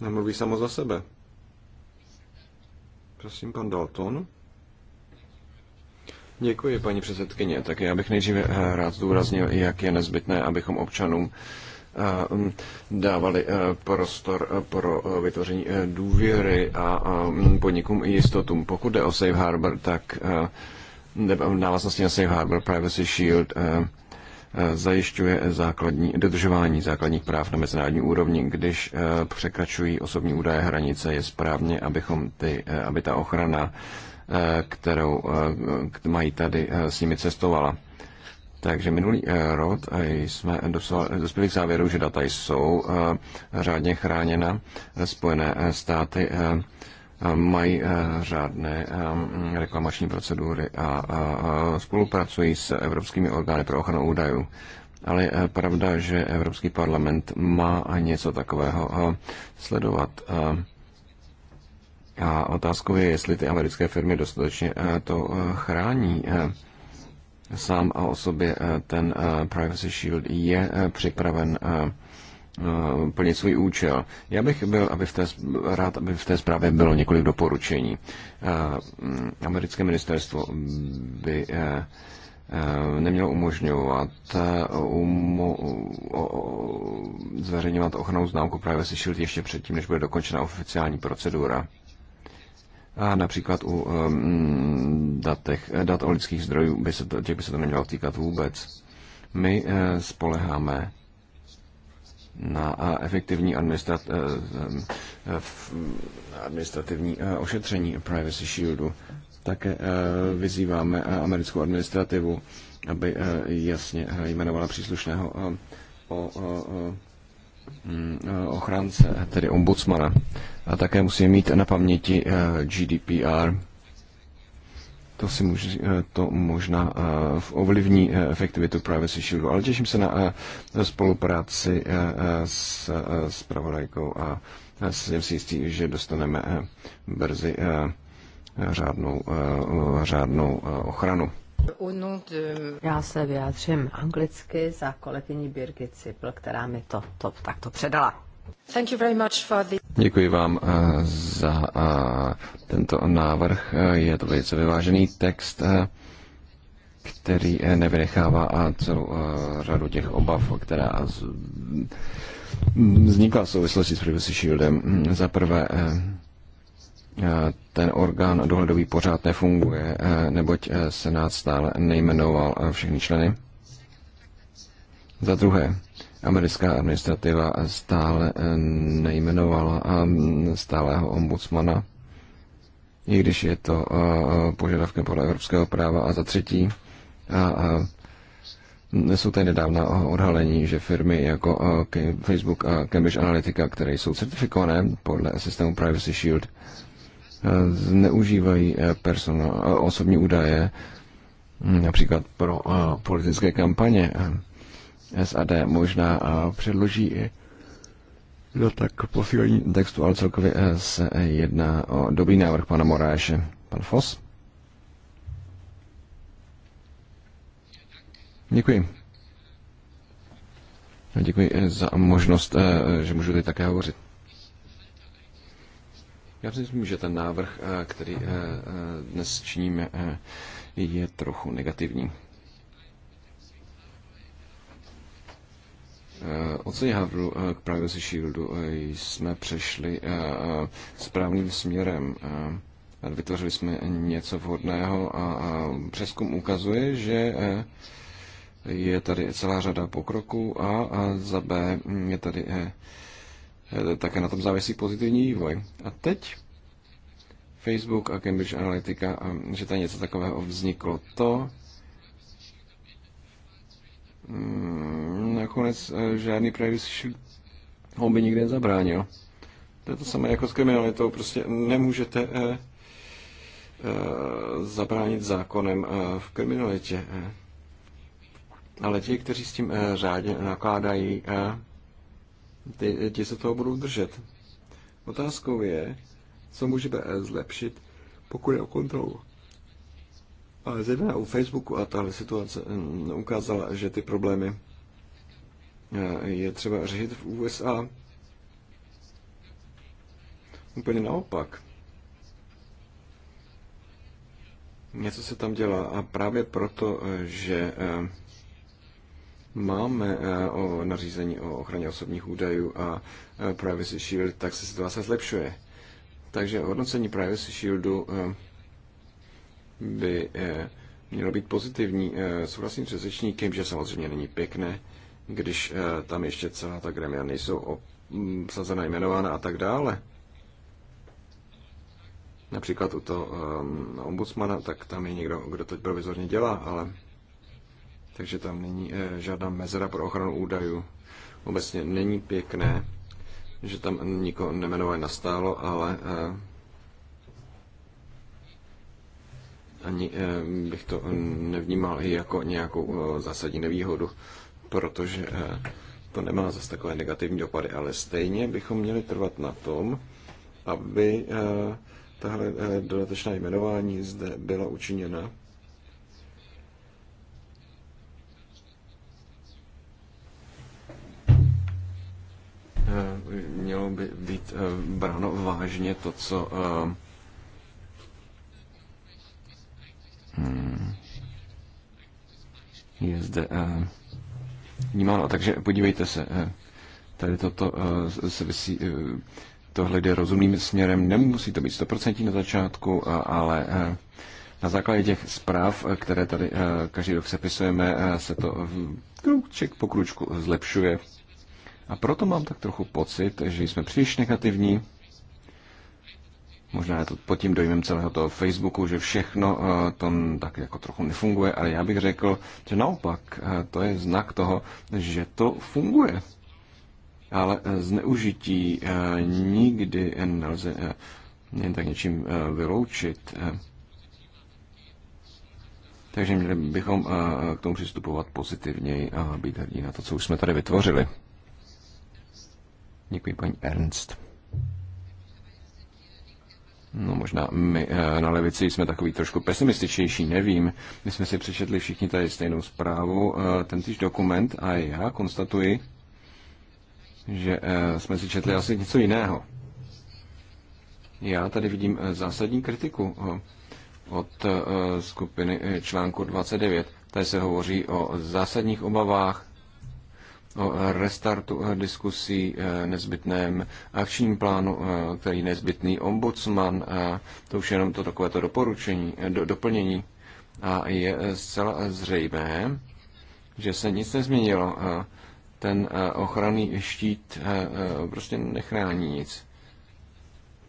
nemluví samo za sebe. Prosím, pan Dalton. Děkuji, paní předsedkyně. Tak já bych nejdříve eh, rád zdůraznil, jak je nezbytné, abychom občanům eh, mm, dávali eh, prostor pro vytvoření důvěry a mm, podnikům i jistotům. Pokud jde o Safe Harbor, tak návaznosti na Safe Harbor, Privacy Shield, zajišťuje základní, dodržování základních práv na mezinárodní úrovni. Když eh, překračují osobní údaje hranice, je správně, abychom ty, eh, aby ta ochrana, eh, kterou mají tady, s nimi cestovala. Takže minulý rok jsme dospěli k závěru, že data jsou řádně chráněna. Spojené státy mají eh, řádné eh, reklamační procedury a spolupracují s evropskými orgány pro ochranu údajů. Ale je pravda, že Evropský parlament má něco takového eh, sledovat. A otázkou je, jestli ty americké firmy dostatečně to chrání. Sám a o sobě ten Privacy Shield je připraven Eh, plnit svůj účel. Já bych byl aby v té, rád, aby v té zprávě bylo několik doporučení. Eh, americké ministerstvo by eh, nemělo umožňovat umo, zveřejňovat ochranou známku Privacy Shield ještě předtím, než bude dokončena oficiální procedura. A například u um, datech, dat o lidských zdrojů by se to, těch by se to nemělo týkat vůbec. My uh, spoleháme na efektivní administrat, eh, eh, administrativní eh, ošetření Privacy Shieldu. Také vyzýváme americkou administrativu, aby jasně jmenovala příslušného o, mm, ochránce, tedy ombudsmana. A také musíme mít na paměti GDPR to si může, eh, to možná eh, ovlivní eh, efektivitu Privacy Shieldu. Ale těším se na spolupráci s spravodajkou a jsem si jistý, že dostaneme brzy řádnou, řádnou ochranu. Já se vyjádřím anglicky za kolegyní Birgit Cipl, která mi to, to takto předala. Děkuji vám eh, za eh, tento návrh. Eh, je to velice vyvážený text, který nevynechává celou řadu těch obav, která mm, vznikla v souvislosti s Privacy Shieldem. Mm, za prvé, ten orgán dohledový pořád nefunguje, neboť Senát stále nejmenoval všechny členy. Za druhé, americká administrativa stále eh, nejmenovala ehm, stálého ombudsmana, i když je to eh, eh, požadavkem podle evropského práva. A za třetí, a jsou tady nedávna odhalení, že firmy jako Facebook a Cambridge Analytica, které jsou certifikované podle systému Privacy Shield, zneužívají personál, osobní údaje hm, například pro politické kampaně. SAD možná předloží i No tak posílení textu, ale celkově eh, se jedná o dobrý návrh pana Moráše. Pan Fos? Děkuji. Děkuji eh, za možnost, eh, že můžu tady také hovořit. Já si myslím, že ten návrh, který dnes činíme, je trochu negativní. Eh, od Havru eh, k Privacy Shieldu eh, jsme přešli správným směrem. Vytvořili jsme něco vhodného a přeskum ukazuje, že je tady celá řada pokroků a za B je tady také na tom závisí pozitivní vývoj. A teď Facebook a Cambridge Analytica, že tady něco takového vzniklo. To Mm, nakonec eh, žádný privacy shield ho by nikdy nezabránil. To je to samé jako s kriminalitou. Prostě nemůžete eh, eh, zabránit zákonem v kriminalitě. Ale ti, kteří s tím řádně nakládají, ti, ti se toho budou držet. Otázkou je, co můžeme zlepšit, pokud je o kontrolu. Ale zejména u Facebooku a tahle situace mm, ukázala, že ty problémy eh, je třeba řešit v USA. Úplně naopak. Něco se tam dělá a právě proto, eh, že eh, máme o nařízení o ochraně osobních údajů a Privacy Shield, tak se situace zlepšuje. Takže hodnocení Privacy Shieldu by eh, mělo být pozitivní. Eh, souhlasím s řečníkem, že samozřejmě není pěkné, když eh, tam ještě celá ta gremia nejsou mm, obsazena, jmenována a tak dále. Například u toho um, ombudsmana, tak tam je někdo, kdo teď provizorně dělá, ale takže tam není žádná mezera pro ochranu údajů. Obecně není pěkné, že tam nikoho nemenové nastálo, ale ani eh, bych to eh, nevnímal i jako nějakou eh, zásadní nevýhodu, protože to nemá zase takové negativní dopady, ale stejně bychom měli trvat na tom, aby tahle dodatečná jmenování zde byla učiněna. Mělo by být bráno vážně to, co Hmm. je zde eh, vnímáno. Takže podívejte se, eh, tady toto eh, se vysí, tohle jde rozumným směrem, nemusí to být 100% na začátku, ale na základě těch zpráv, které tady každý rok sepisujeme, se to kruček po kručku zlepšuje. A proto mám tak trochu pocit, že jsme příliš negativní, Možná je to pod tím dojmem celého toho Facebooku, že všechno eh, to tak jako trochu nefunguje, ale já bych řekl, že naopak eh, to je znak toho, že to funguje. Ale eh, zneužití nikdy nelze jen tak něčím vyloučit. Takže měli bychom k tomu přistupovat pozitivněji a být hrdí na to, co už jsme tady vytvořili. Děkuji, paní Ernst. No možná my eh, na levici jsme takový trošku pesimističtější, nevím. My jsme si přečetli všichni tady stejnou zprávu, eh, ten týž dokument a já konstatuji, že eh, jsme si četli asi něco jiného. Já tady vidím zásadní kritiku od skupiny článku 29. Tady se hovoří o zásadních obavách o restartu eh, diskusí eh, nezbytném akčním plánu, eh, který je nezbytný ombudsman, a to už jenom to takovéto doporučení, do, doplnění. A je zcela zřejmé, že se nic nezměnilo. Ten ochranný štít prostě nechrání nic.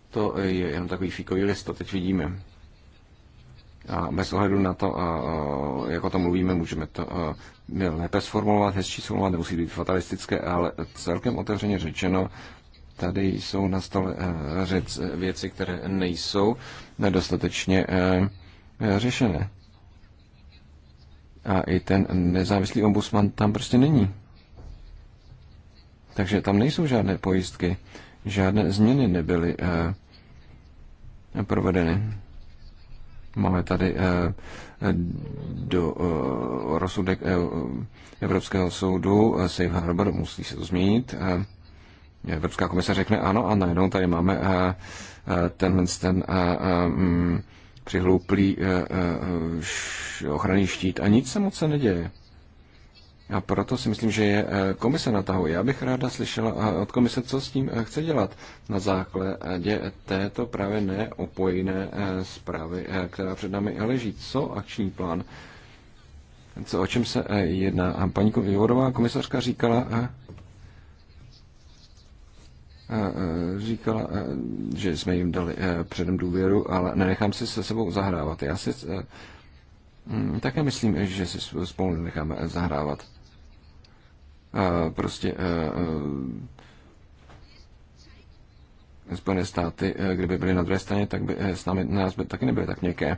To je jenom takový fíkový list, to teď vidíme. A bez ohledu na to, jak o tom mluvíme, můžeme to lépe sformulovat, hezčí sformulovat, nemusí být fatalistické, ale celkem otevřeně řečeno, tady jsou na stole e, řec věci, které nejsou nedostatečně e, e, řešené. A i ten nezávislý ombudsman tam prostě není. Takže tam nejsou žádné pojistky, žádné změny nebyly provedeny. Máme tady eh, eh, do eh, rozsudek Evropského soudu Safe Harbor, musí se to změnit. Evropská komise řekne ano a najednou tady máme tenhle ten mm, přihlouplý ochranný štít a nic se moc se neděje. A proto si myslím, že je eh, komise na tahu. Já bych ráda slyšela eh, od komise, co s tím eh, chce dělat na základě této právě neopojné zprávy, která před námi leží. Co akční plán? Co, o čem se jedná? A paní Jourová komisařka říkala, říkala, že jsme jim dali předem důvěru, ale nenechám si se sebou zahrávat. Já si mm, také myslím, že si spolu necháme zahrávat prostě eh, eh, Spojené státy, eh, kdyby byly na druhé straně, tak by s námi nás by taky nebyly tak měkké.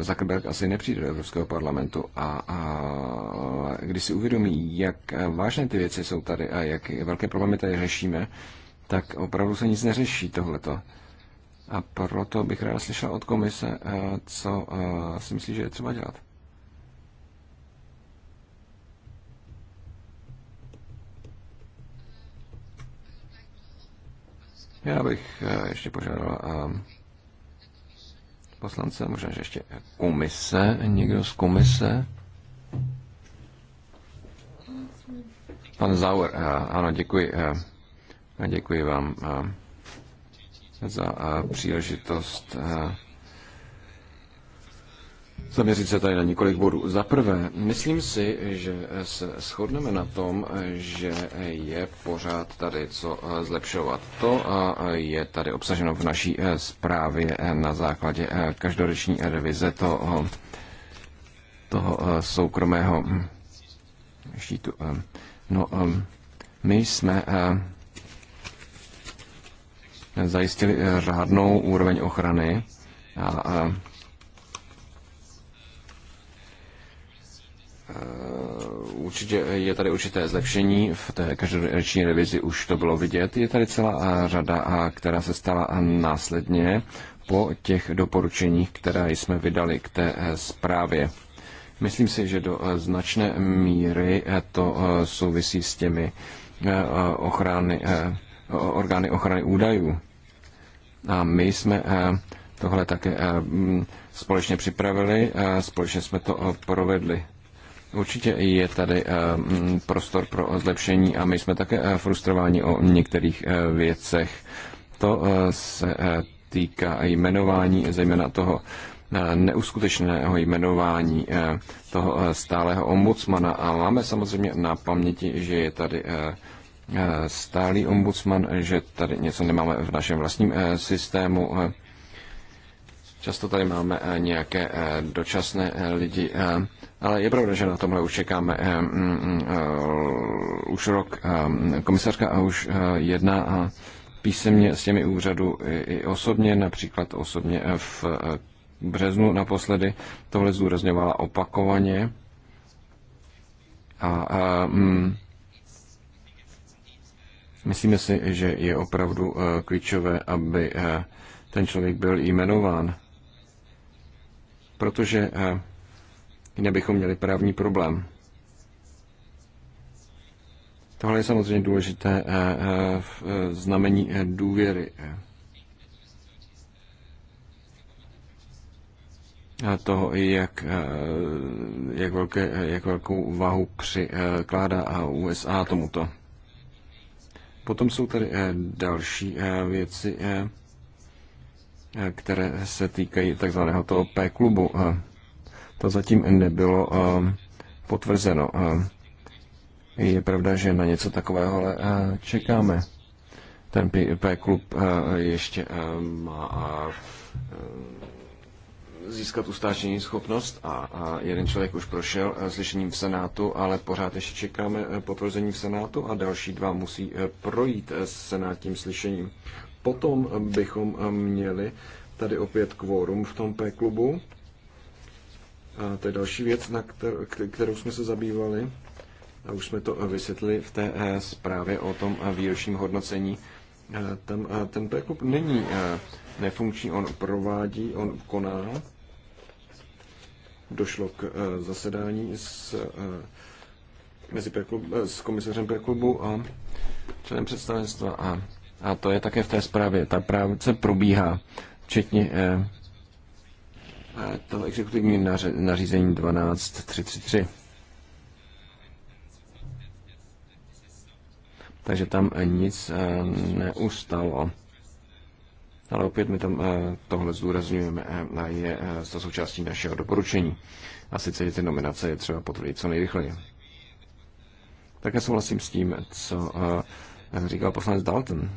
Zuckerberg asi nepřijde do Evropského parlamentu a, a když si uvědomí, jak vážné ty věci jsou tady a jak velké problémy tady řešíme, tak opravdu se nic neřeší tohleto. A proto bych rád slyšel od komise, co si myslí, že je třeba dělat. Já bych eh, ještě požádal eh, poslance, možná, že ještě komise, někdo z komise. Pan Zauer, eh, ano, děkuji. Děkuji vám za příležitost Zaměřit se tady na několik bodů. Za prvé, myslím si, že se shodneme na tom, že je pořád tady co eh, zlepšovat. To eh, je tady obsaženo v naší eh, zprávě na základě každoroční revize toho, toho soukromého hm, štítu. No, my jsme zajistili řádnou úroveň ochrany a Eh, určitě je tady určité zlepšení, v té každoroční revizi už to bylo vidět. Je tady celá eh, řada, eh, která se stala následně po těch doporučeních, která jsme vydali k té zprávě. Myslím si, že do značné míry to souvisí s těmi ochrany, orgány ochrany údajů. A my jsme tohle také společně připravili, společně jsme to provedli. Určitě je tady eh, prostor pro zlepšení a my jsme také eh, frustrováni o některých eh, věcech. To se týká jmenování, zejména toho neuskutečného jmenování toho stálého ombudsmana. A máme samozřejmě na paměti, že je tady stálý ombudsman, že tady něco nemáme v našem vlastním systému. Často tady máme nějaké dočasné lidi ale je pravda, že na tomhle už čekáme eh, mm, mm, eh, už rok. Eh, komisařka už jedna a písemně s těmi úřadu i osobně, například osobně v březnu naposledy. Tohle zdůrazňovala opakovaně. A, a mm, myslíme si, že je opravdu uh, klíčové, aby uh, ten člověk byl jmenován, protože kde bychom měli právní problém. Tohle je samozřejmě důležité eh, eh, znamení eh, důvěry. toho, jak, jak, velké, jak velkou váhu přikládá USA tomuto. Potom jsou tady další věci, které se týkají takzvaného toho P-klubu. To zatím nebylo eh, potvrzeno. Eh, je pravda, že na něco takového ale eh, čekáme. Ten P klub ještě má získat ustáčení schopnost a, a jeden člověk už prošel slyšením v Senátu, ale pořád ještě čekáme potvrzení v Senátu a další dva musí projít s senátním slyšením. Potom bychom měli tady opět kvórum v tom P-klubu a to je další věc, na kterou, kterou jsme se zabývali. A už jsme to vysvětlili v té eh, zprávě o tom eh, výročním hodnocení. Eh, tam ten klub není nefunkční, on provádí, on koná. Došlo k zasedání s, mezi klub, s komisařem klubu a členem představenstva. A, a to je také v té zprávě. Ta práce probíhá, včetně to exekutivní nařízení 1233. Takže tam nic eh, neustalo. Ale opět my tam eh, tohle zdůrazňujeme eh, a je to součástí našeho doporučení. A sice, že ty nominace je třeba potvrdit co nejrychleji. Také souhlasím s tím, co říkal poslanec Dalton,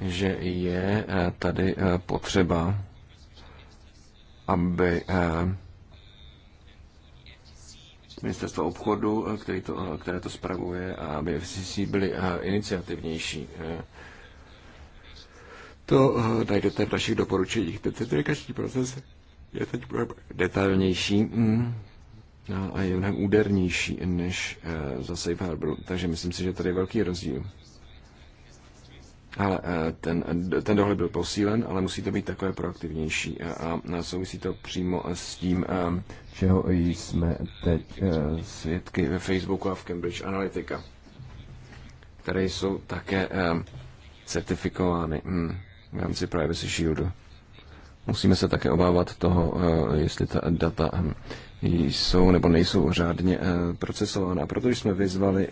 že je tady potřeba aby eh, ministerstvo obchodu, eh, který to, eh, které to spravuje, a aby FCC byly iniciativnější. To najdete v našich doporučeních. Ten certifikační proces je teď detailnější mm, a je mnohem údernější než za Safe Harbor, takže myslím si, že tady je velký rozdíl. Ale eh, ten, ten dohled byl posílen, ale musí to být takové proaktivnější a, a souvisí to přímo eh, s tím, eh, čeho jsme teď svědky ve Facebooku a v Cambridge Analytica, které jsou také certifikovány hm, v rámci Privacy Shieldu. Musíme se také obávat toho, jestli ta data hm, jsou nebo nejsou řádně procesována. Protože jsme vyzvali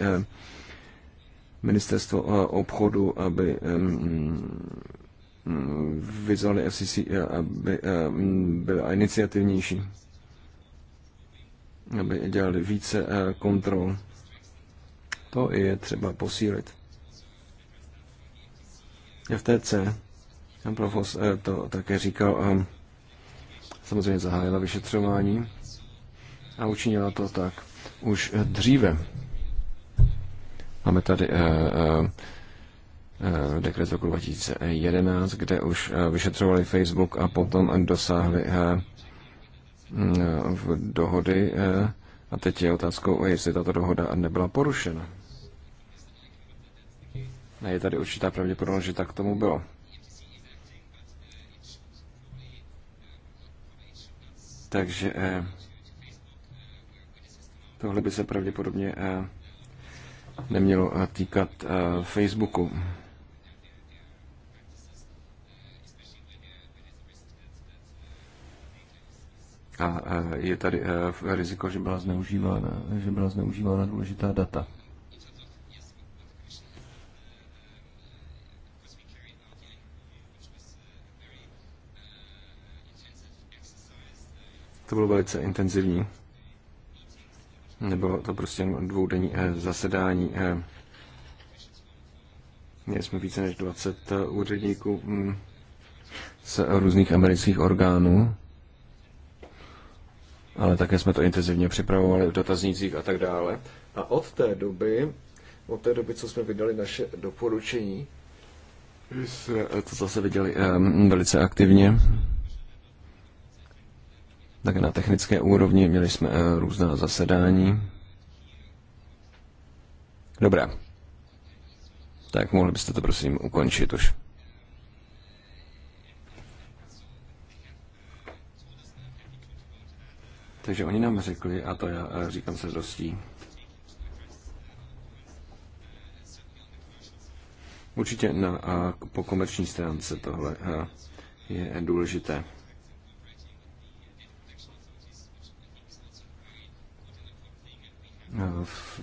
ministerstvo eh, obchodu, aby mm, vyzvali FCC, eh, aby byla iniciativnější, aby dělali více eh, kontrol. To je třeba posílit. FTC, pan Profos to také říkal, samozřejmě zahájila vyšetřování a učinila to tak už dříve. Máme tady eh, eh, eh, dekret z roku 2011, kde už vyšetřovali Facebook a potom dosáhli dohody. A teď je otázkou, jestli tato dohoda nebyla porušena. A je tady určitá pravděpodobnost, že tak tomu bylo. Takže tohle by se pravděpodobně nemělo eh, týkat eh, Facebooku. A eh, je tady riziko, že byla zneužívána, že byla zneužívána důležitá data. To bylo velice intenzivní. Nebylo to prostě jen dvoudenní eh, zasedání. Eh. Měli jsme více než 20 eh, úředníků mm, z různých amerických orgánů, ale také jsme to intenzivně připravovali v dotaznících a tak dále. A od té doby, od té doby, co jsme vydali naše doporučení, jsme to zase viděli um, velice aktivně. Tak na technické úrovni měli jsme eh, různá zasedání. Dobrá. Tak mohli byste to prosím ukončit už. Takže oni nám řekli, a to já eh, říkám se zrostí. Určitě na, a eh, po komerční stránce tohle je důležité.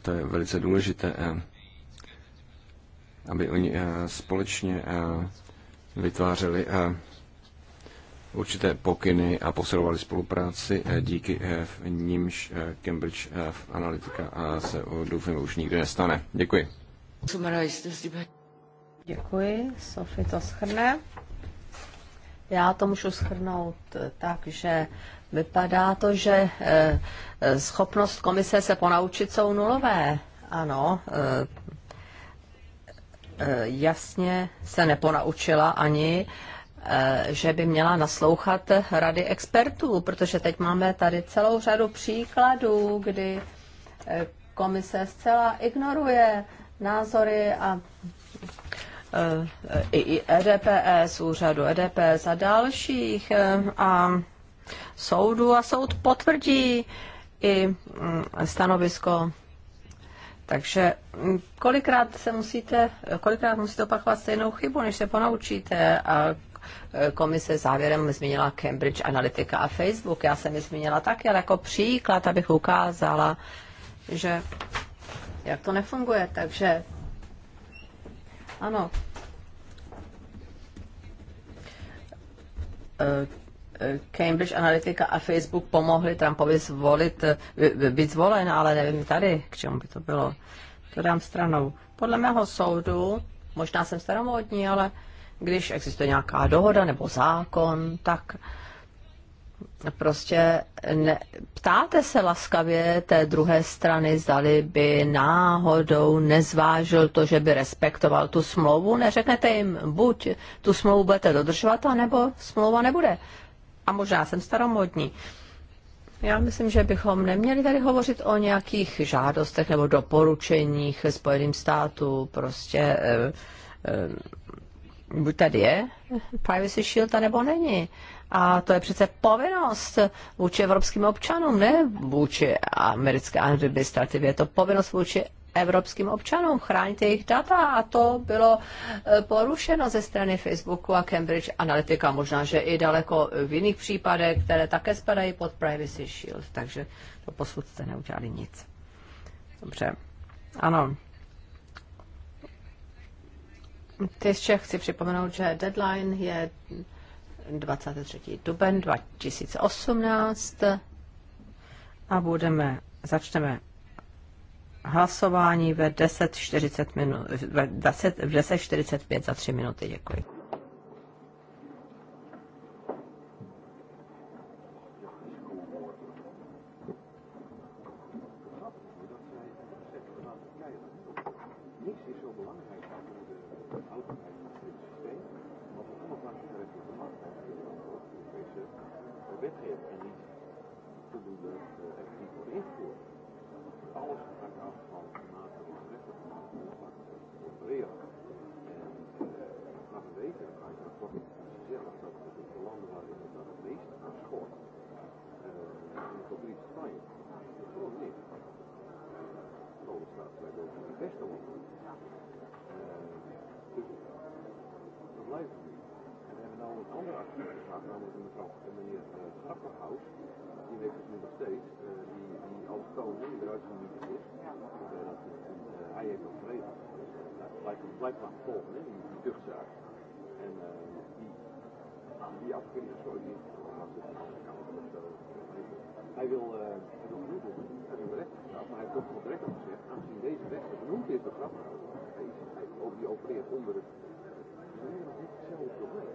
To je velice důležité, eh, aby oni eh, společně eh, vytvářeli určité pokyny a posilovali spolupráci, díky nímž Cambridge Analytica se doufám už nikdy nestane. Děkuji. Děkuji, Sofie to schrne. Já to můžu schrnout tak, že Vypadá to, že eh, eh, schopnost komise se ponaučit jsou nulové. Ano, eh, jasně se neponaučila ani, že by měla naslouchat rady expertů, protože teď máme tady celou řadu příkladů, kdy komise zcela ignoruje názory a i EDPS, úřadu EDPS a dalších a soudu a soud potvrdí i mm, stanovisko. Takže mm, kolikrát se musíte, kolikrát musíte opakovat stejnou chybu, než se ponaučíte a e, komise závěrem zmínila Cambridge Analytica a Facebook. Já jsem je zmínila taky, ale jako příklad, abych ukázala, že jak to nefunguje. Takže ano, e, Cambridge Analytica a Facebook pomohli Trumpovi zvolit, být zvolen, ale nevím tady, k čemu by to bylo. To dám stranou. Podle mého soudu, možná jsem staromodní, ale když existuje nějaká dohoda nebo zákon, tak prostě ne, ptáte se laskavě té druhé strany, zdali by náhodou nezvážil to, že by respektoval tu smlouvu, neřeknete jim, buď tu smlouvu budete dodržovat, anebo smlouva nebude a možná jsem staromodní. Já myslím, že bychom neměli tady hovořit o nějakých žádostech nebo doporučeních Spojeným států. Prostě eh, eh, buď tady je Privacy Shield, nebo není. A to je přece povinnost vůči evropským občanům, ne vůči americké administrativě. Je to povinnost vůči evropským občanům, chránit jejich data a to bylo e, porušeno ze strany Facebooku a Cambridge Analytica, možná, že i daleko v jiných případech, které také spadají pod Privacy Shield, takže to posud jste neudělali nic. Dobře, ano. Ty Čech chci připomenout, že deadline je 23. duben 2018 a budeme, začneme hlasování ve 10.45 minu- ve 10, v 10.45 za 3 minuty. Děkuji. wetgeving niet voldoende effectief wordt ingevoerd. Pause. blijkbaar maar volgen in die tuchtzaak. En uh, die, die afkundige is ik niet of zo. Hij wil, uh, hij wil genoemd Hij wil maar hij heeft toch van rechter gezegd, aangezien deze rechter genoemd is door strafrecht, hij, die opereert onder het. Ze niet hetzelfde probleem.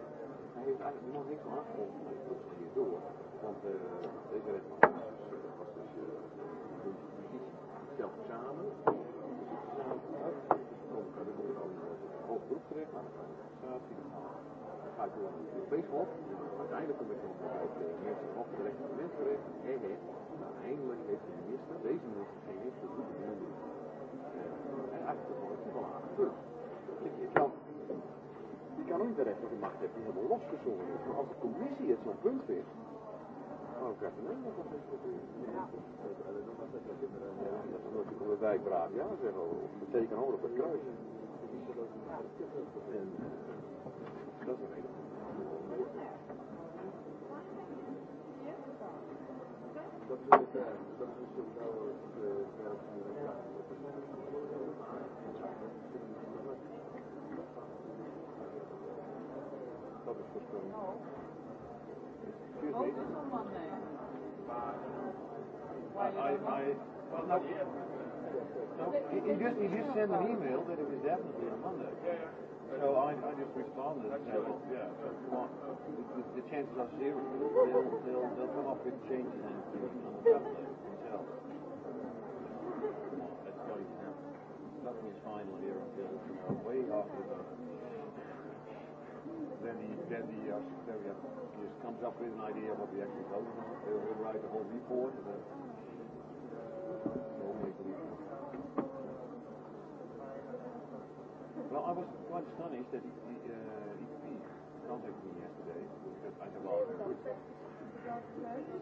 Hij heeft eigenlijk nog niks afgelopen, hier door. Want uh, deze rechter was dus, zelf samen. groepsgericht aan de organisatie. Dan ga ik door naar de Europese Hof. Uiteindelijk kom ik dan op de Europese Hof van Rechten Mensenrechten. He, he. Nou, eindelijk heeft de minister, deze minister, geen heeft de goede doel. En eigenlijk is het wel aardig punt. Je kan, je kan ook de macht hebben die Maar als de commissie het zo'n punt vindt, Oh, Ja. Dat is een wijkbraad, ja, zeggen we. Of op het Excuse me. I, I, I, well, not yet. No, he, he just he just sent an email that it was definitely on Monday. Yeah, yeah. So I, I just responded and said, well, yeah, the, the chances are zero. They'll, they'll, they'll come up with changes on That's why Nothing is final here until you know, way after the then he then he, uh, then he, uh, he just comes up with an idea of what the actually government. They'll write the whole report. And, Well, I was quite astonished that he, he, uh, he, contacted me yesterday because I have asked him.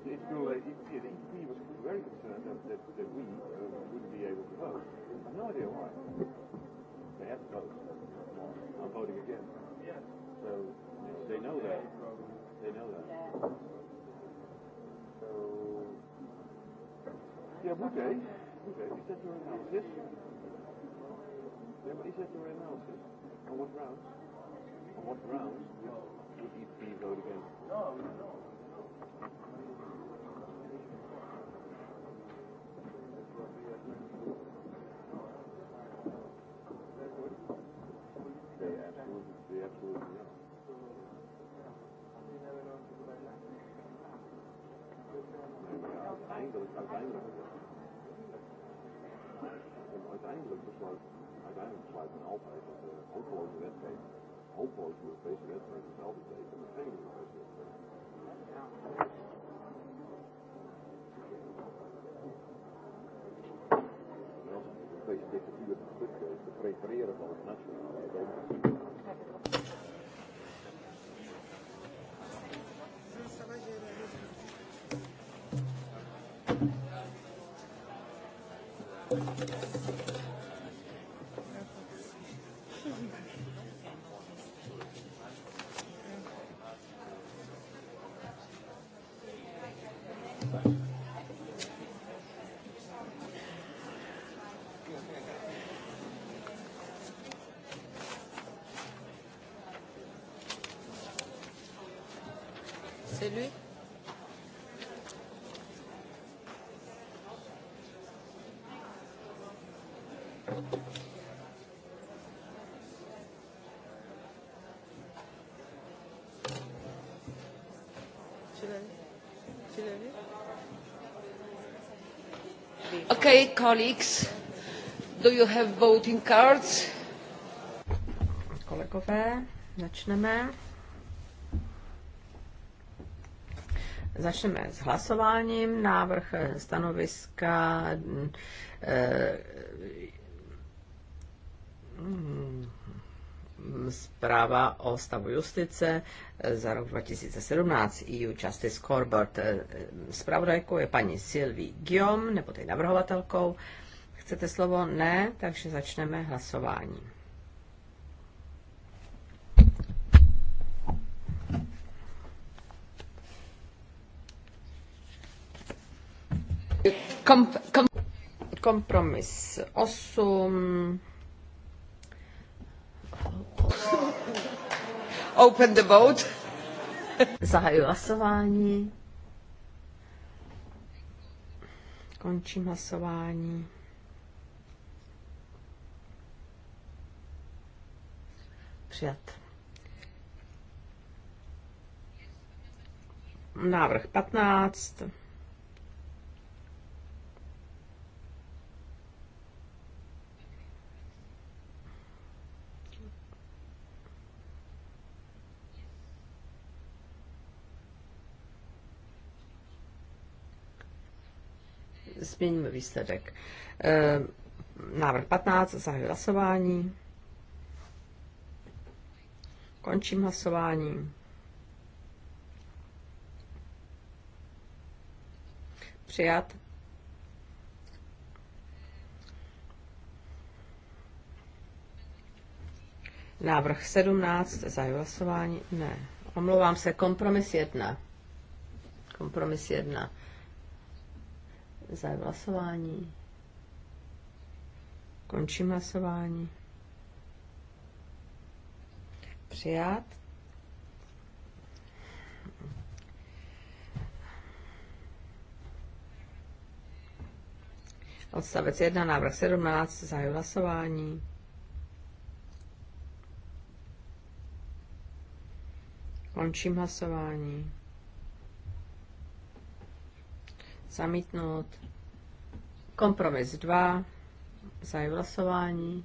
It's true that EP, the EP was very concerned that, that, that we uh, wouldn't be able to vote. I have no idea why. They have to vote. I'm voting again. So they know that. They know that. So. Yeah, Bouquet. Bouquet, is that your analysis? Yeah, but is that your analysis? On what grounds? On what grounds would it be voted against? No, no. They absolutely, they absolutely not. Uiteindelijk, uiteindelijk, lijkt me altijd dat de hopeloze wedstrijden, hopeloze Europese wedstrijden hetzelfde betekenen als geen Europese wedstrijden. Thank you. c'est lui Okay, colleagues, do you have voting cards? Kolegové, začneme. Začneme s hlasováním. Návrh eh, stanoviska eh, mm, zpráva o stavu justice eh, za rok 2017 EU Justice Corbett. Zpravodajkou je paní Sylvie Guillaume, nebo tady navrhovatelkou. Chcete slovo? Ne, takže začneme hlasování. Kom, kom. Kompromis 8. Open the vote. Zahaju hlasování. Končím hlasování. Přijat. Návrh 15. změníme výsledek. Eh, návrh 15, zahajuji hlasování. Končím hlasování. Přijat. Návrh 17, zahajuji hlasování. Ne, omlouvám se, kompromis 1. Kompromis 1. Zahajuji hlasování. Končím hlasování. Přijat. Odstavec 1, návrh 17, zahajuji hlasování. Končím hlasování. zamítnout. Kompromis 2, zahajuji hlasování.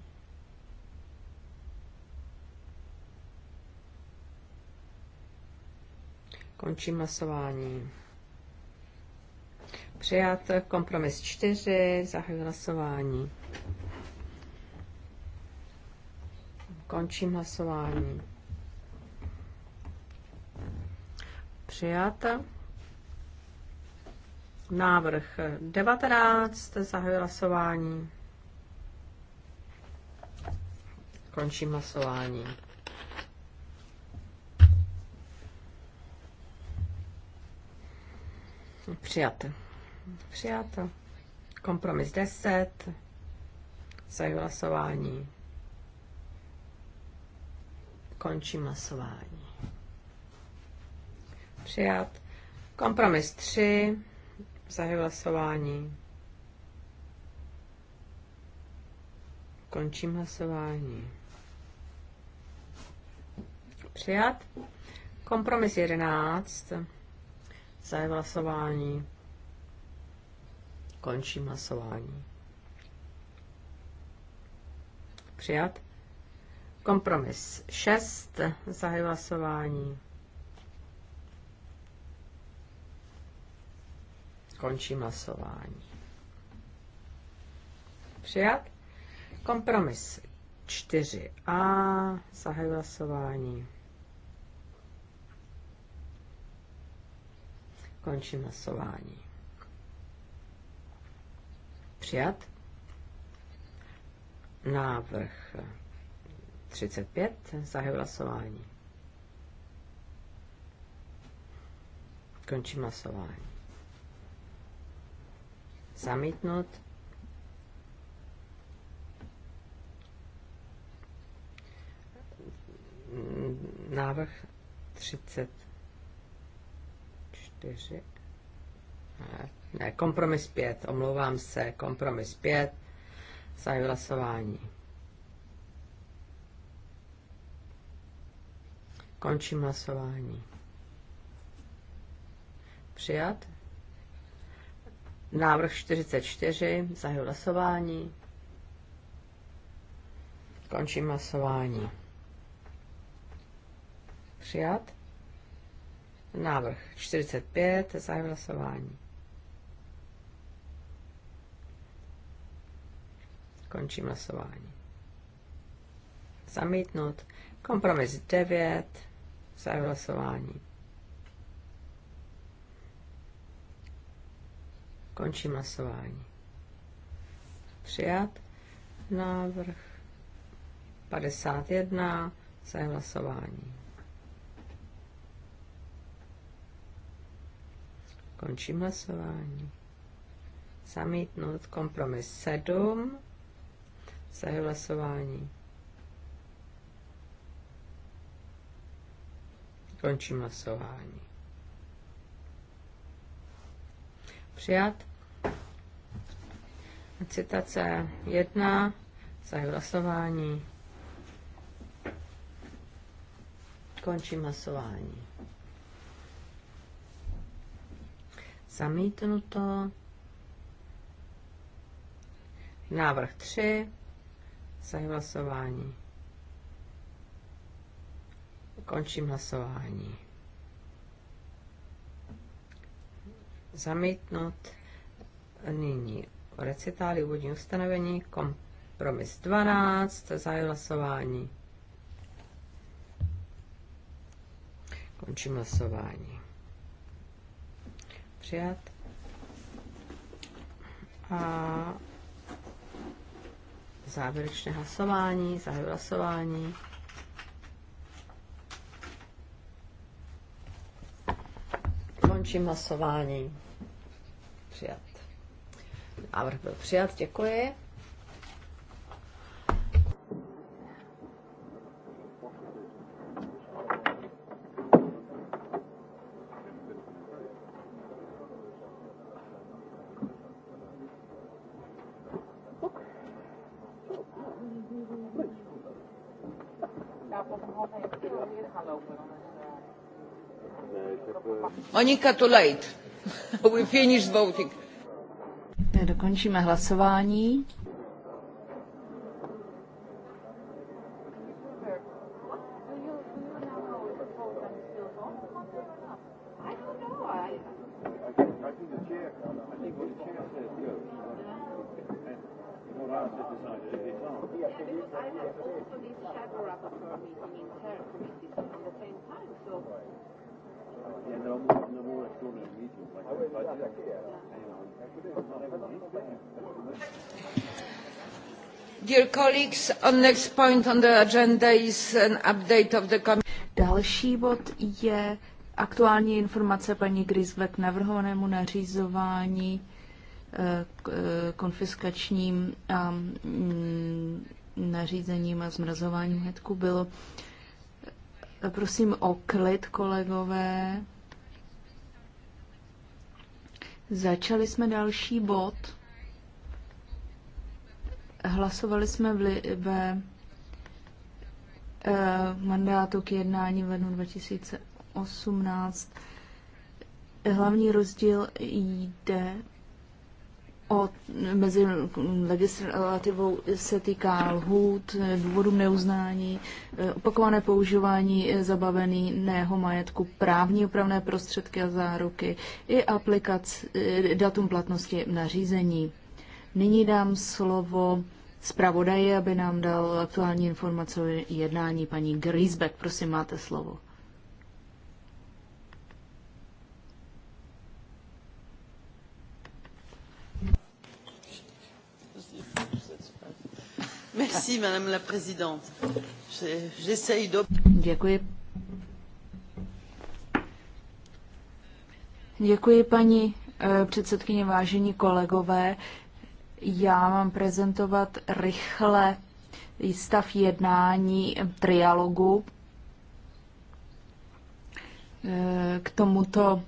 Končím hlasování. Přijat kompromis 4, zahajuji hlasování. Končím hlasování. Přijat. Návrh 19, zahajuji hlasování. Končím hlasování. Přijat. Přijat. Kompromis 10. Zahajuji hlasování. Končím hlasování. Přijat. Kompromis 3. Zahajuji hlasování. Končím hlasování. Přijat. Kompromis 11. Zahajuji hlasování. Končím hlasování. Přijat. Kompromis 6. Zahajuji hlasování. Končím hlasování. Přijat? Kompromis 4a. Zahajuji hlasování. Končím hlasování. Přijat? Návrh 35. Zahajuji hlasování. Končím hlasování zamítnout. Návrh 34. Ne, kompromis 5, omlouvám se, kompromis 5, zahajuji hlasování. Končím hlasování. Přijat? Návrh 44, zahajuji hlasování. Končím hlasování. Přijat. Návrh 45, zahajuji hlasování. Končím hlasování. Zamítnut. Kompromis 9, zahajuji hlasování. Končím hlasování. Přijat návrh 51 za hlasování. Končím hlasování. Zamítnout kompromis 7 za hlasování. Končím hlasování. Přijat Citace 1. zahaj hlasování. Končím hlasování. Zamítnuto. Návrh 3. Zahaj hlasování. Končím hlasování. Zamítnut. nyní recitály úvodní ustanovení, kompromis 12, zahájil hlasování. Končím hlasování. Přijat. A závěrečné hlasování, zahajuji hlasování. Končím hlasování. Přijat. Návrh byl přijat, děkuji. Monika, too late. We finished voting dokončíme hlasování. Další bod je aktuální informace paní Grisbeck navrhovanému nařizování eh, eh, konfiskačním a mm, nařízením a zmrazování hetku bylo. Eh, prosím o klid, kolegové. Začali jsme další bod. Hlasovali jsme v, v, eh, v mandátu k jednání v lednu 2018. Hlavní rozdíl jde o, mezi legislativou se týká lhůt, důvodů neuznání, eh, opakované používání zabaveného majetku, právní opravné prostředky a záruky i aplikaci eh, datum platnosti nařízení. Nyní dám slovo zpravodaji, aby nám dal aktuální informace o jednání paní Grisbeck. Prosím, máte slovo. Merci, Madame la Présidente. Děkuji. Děkuji, paní eh, předsedkyně, vážení kolegové. Já mám prezentovat rychle stav jednání trialogu eh, k tomuto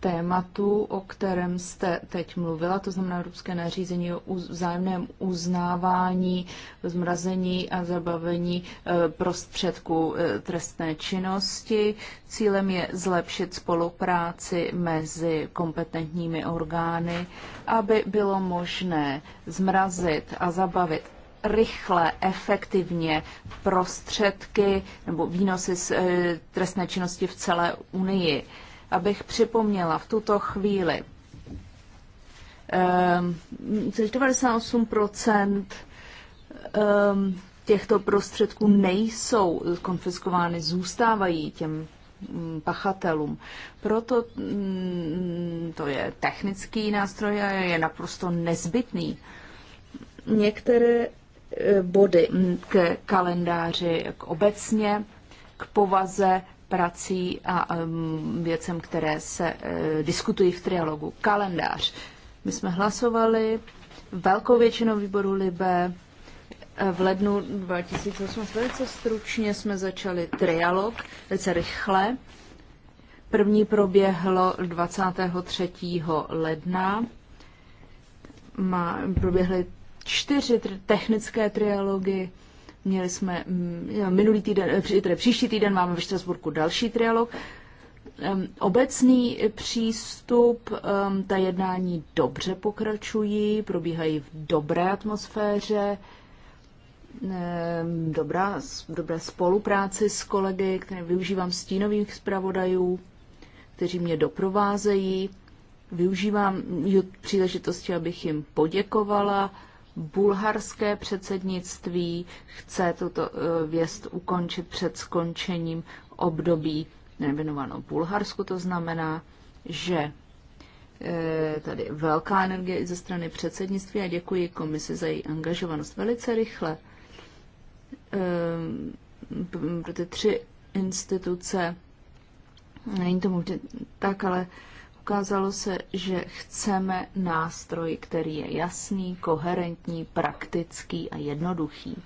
tématu, o kterém jste teď mluvila, to znamená Evropské nařízení o vzájemném uznávání, zmrazení a zabavení e, prostředků e, trestné činnosti. Cílem je zlepšit spolupráci mezi kompetentními orgány, aby bylo možné zmrazit a zabavit rychle, efektivně prostředky nebo výnosy z e, trestné činnosti v celé Unii abych připomněla v tuto chvíli. 98% ehm, ehm, těchto prostředků nejsou konfiskovány, zůstávají těm mm, pachatelům. Proto mm, to je technický nástroj a je naprosto nezbytný. Některé e, body mm, k kalendáři, k obecně, k povaze prací a věcem, které se e, diskutují v trialogu. Kalendář. My jsme hlasovali velkou většinou výboru Libe. E, v lednu 2008 velice stručně jsme začali trialog, velice rychle. První proběhlo 23. ledna. Má, proběhly čtyři technické trialogy Měli jsme mm, minulý týden, eh, tedy příští týden máme ve Štrasburku další trialog. Obecný přístup, ta jednání dobře pokračují, probíhají v dobré atmosféře, dobrá, dobré spolupráci s kolegy, které využívám stínových zpravodajů, kteří mě doprovázejí. Využívám příležitosti, abych jim poděkovala Bulharské předsednictví chce tuto eh, věst ukončit před skončením období nevěnovanou Bulharsku. To znamená, že eh, tady velká energie i ze strany předsednictví a děkuji komisi za její angažovanost velice rychle. Eh, pro ty tři instituce není tomu vždy tak, ale Ukázalo se, že chceme nástroj, který je jasný, koherentní, praktický a jednoduchý.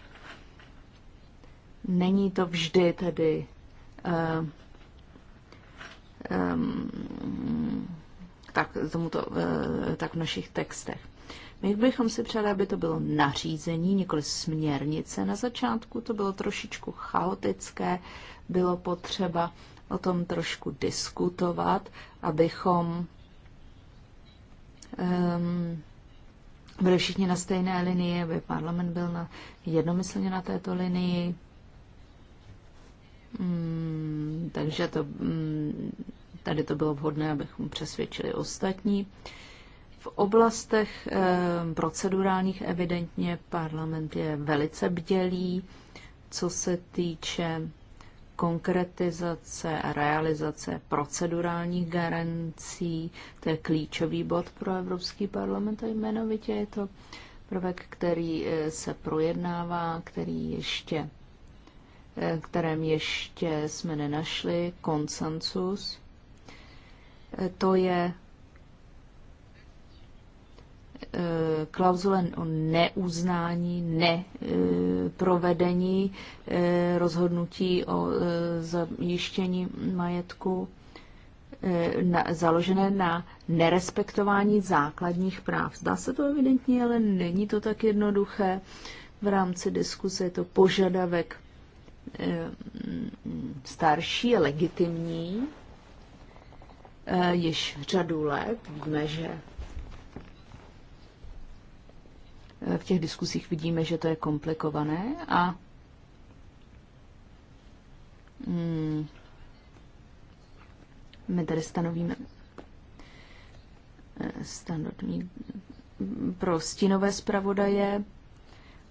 Není to vždy tedy uh, um, tak, tomuto, uh, eh, tak v našich textech. My bychom si přáli, aby to bylo nařízení, nikoli směrnice. Na začátku to bylo trošičku chaotické, bylo potřeba uh, o tom trošku diskutovat, abychom um, byli všichni na stejné linii, aby parlament byl na, jednomyslně na této linii. Mm, takže to, mm, tady to bylo vhodné, abychom přesvědčili ostatní. V oblastech e, procedurálních evidentně parlament je velice bdělý, co se týče konkretizace a realizace procedurálních garancí. To je klíčový bod pro Evropský parlament a jmenovitě je to prvek, který eh, se projednává, který ještě, eh, kterém ještě jsme nenašli konsensus. Eh, to je Eh, klauzule o neuznání, neprovedení eh, rozhodnutí o eh, zajištění majetku na, založené na nerespektování základních práv. Zdá se to evidentně, ale není to tak jednoduché. V rámci diskuse je to požadavek starší a legitimní, již řadu let. Víme, že Eh, v těch diskusích vidíme, že to je komplikované a hmm, my tady stanovíme eh, standardní mm, pro stínové zpravodaje,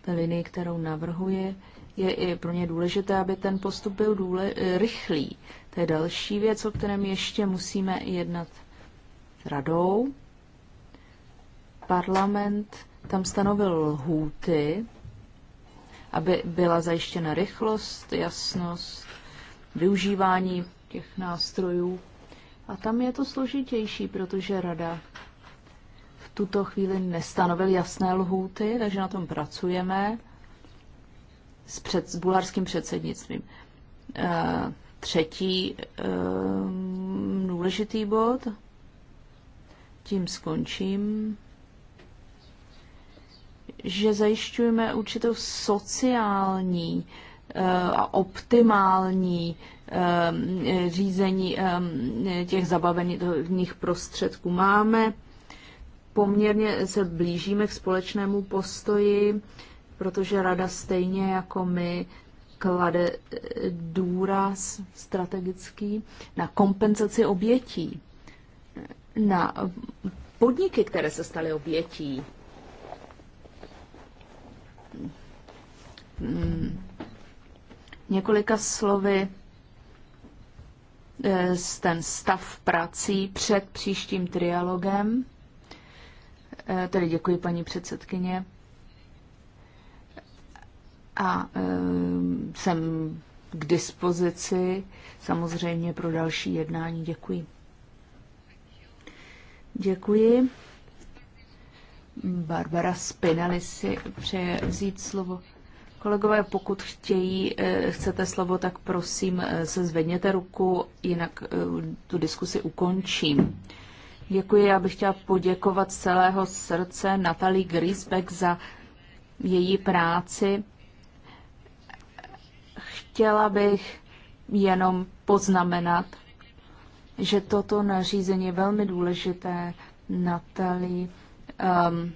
ta linie, kterou navrhuji, je i pro ně důležité, aby ten postup byl důle, eh, rychlý. To je další věc, o kterém ještě musíme jednat s radou. Parlament tam stanovil lhůty, aby byla zajištěna rychlost, jasnost, využívání těch nástrojů. A tam je to složitější, protože rada v tuto chvíli nestanovil jasné lhůty, takže na tom pracujeme s, před, s bulharským předsednictvím. E, třetí e, důležitý bod, tím skončím že zajišťujeme určitou sociální eh, a optimální eh, řízení eh, těch zabavených prostředků. Máme poměrně se blížíme k společnému postoji, protože rada stejně jako my klade důraz strategický na kompenzaci obětí, na podniky, které se staly obětí Mm, několika slovy eh, ten stav prací před příštím trialogem. Eh, tedy děkuji paní předsedkyně. A eh, jsem k dispozici samozřejmě pro další jednání. Děkuji. Děkuji. Barbara Spinelli si přeje vzít slovo. Kolegové, pokud chtějí, eh, chcete slovo, tak prosím eh, se zvedněte ruku, jinak eh, tu diskusi ukončím. Děkuji, já bych chtěla poděkovat z celého srdce Natalie Grisbeck za její práci. Chtěla bych jenom poznamenat, že toto nařízení je velmi důležité. Natalie. um,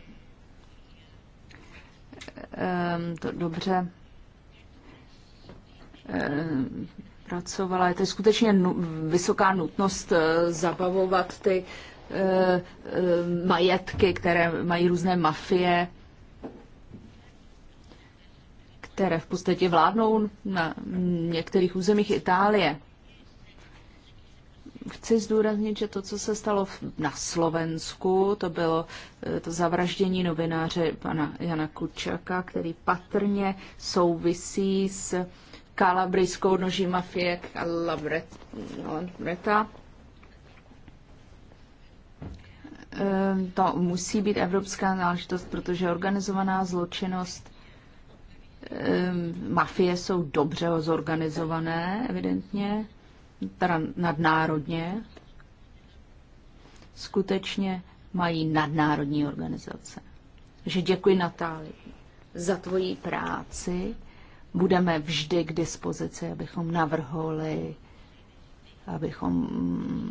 Ehm, to dobře ehm, pracovala. Je to skutečně vysoká nutnost eh, zabavovat ty eh, eh, majetky, které mají různé mafie, které v podstatě vládnou na některých územích Itálie chci zdůraznit, že to, co se stalo na Slovensku, to bylo e, to zavraždění novináře pana Jana Kučaka, který patrně souvisí s kalabrijskou noží mafie Calabreta. Ehm, to musí být evropská náležitost, protože organizovaná zločinnost ehm, mafie jsou dobře zorganizované, evidentně teda nadnárodně, skutečně mají nadnárodní organizace. že děkuji Natálii za tvoji práci. Budeme vždy k dispozici, abychom navrhli, abychom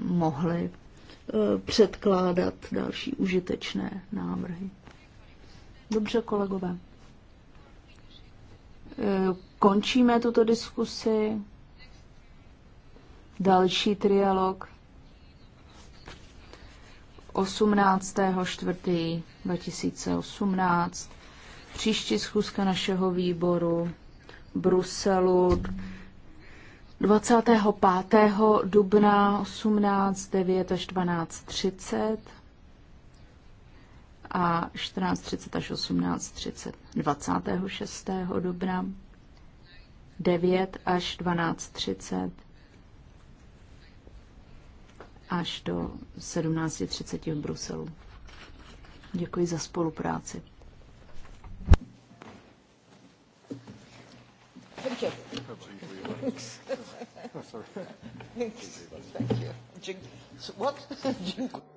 mohli eh, předkládat další užitečné návrhy. Dobře, kolegové. Eh, končíme tuto diskusi. Další trialog 18.4.2018 Příští schůzka našeho výboru Bruselu 25. dubna 18, 9 až 12.30 a 14.30 až 18.30 26. dubna 9 až 12.30 až do 17.30 v Bruselu. Děkuji za spolupráci. Thank you. Thank you. Thank you. Thank you. Thank you.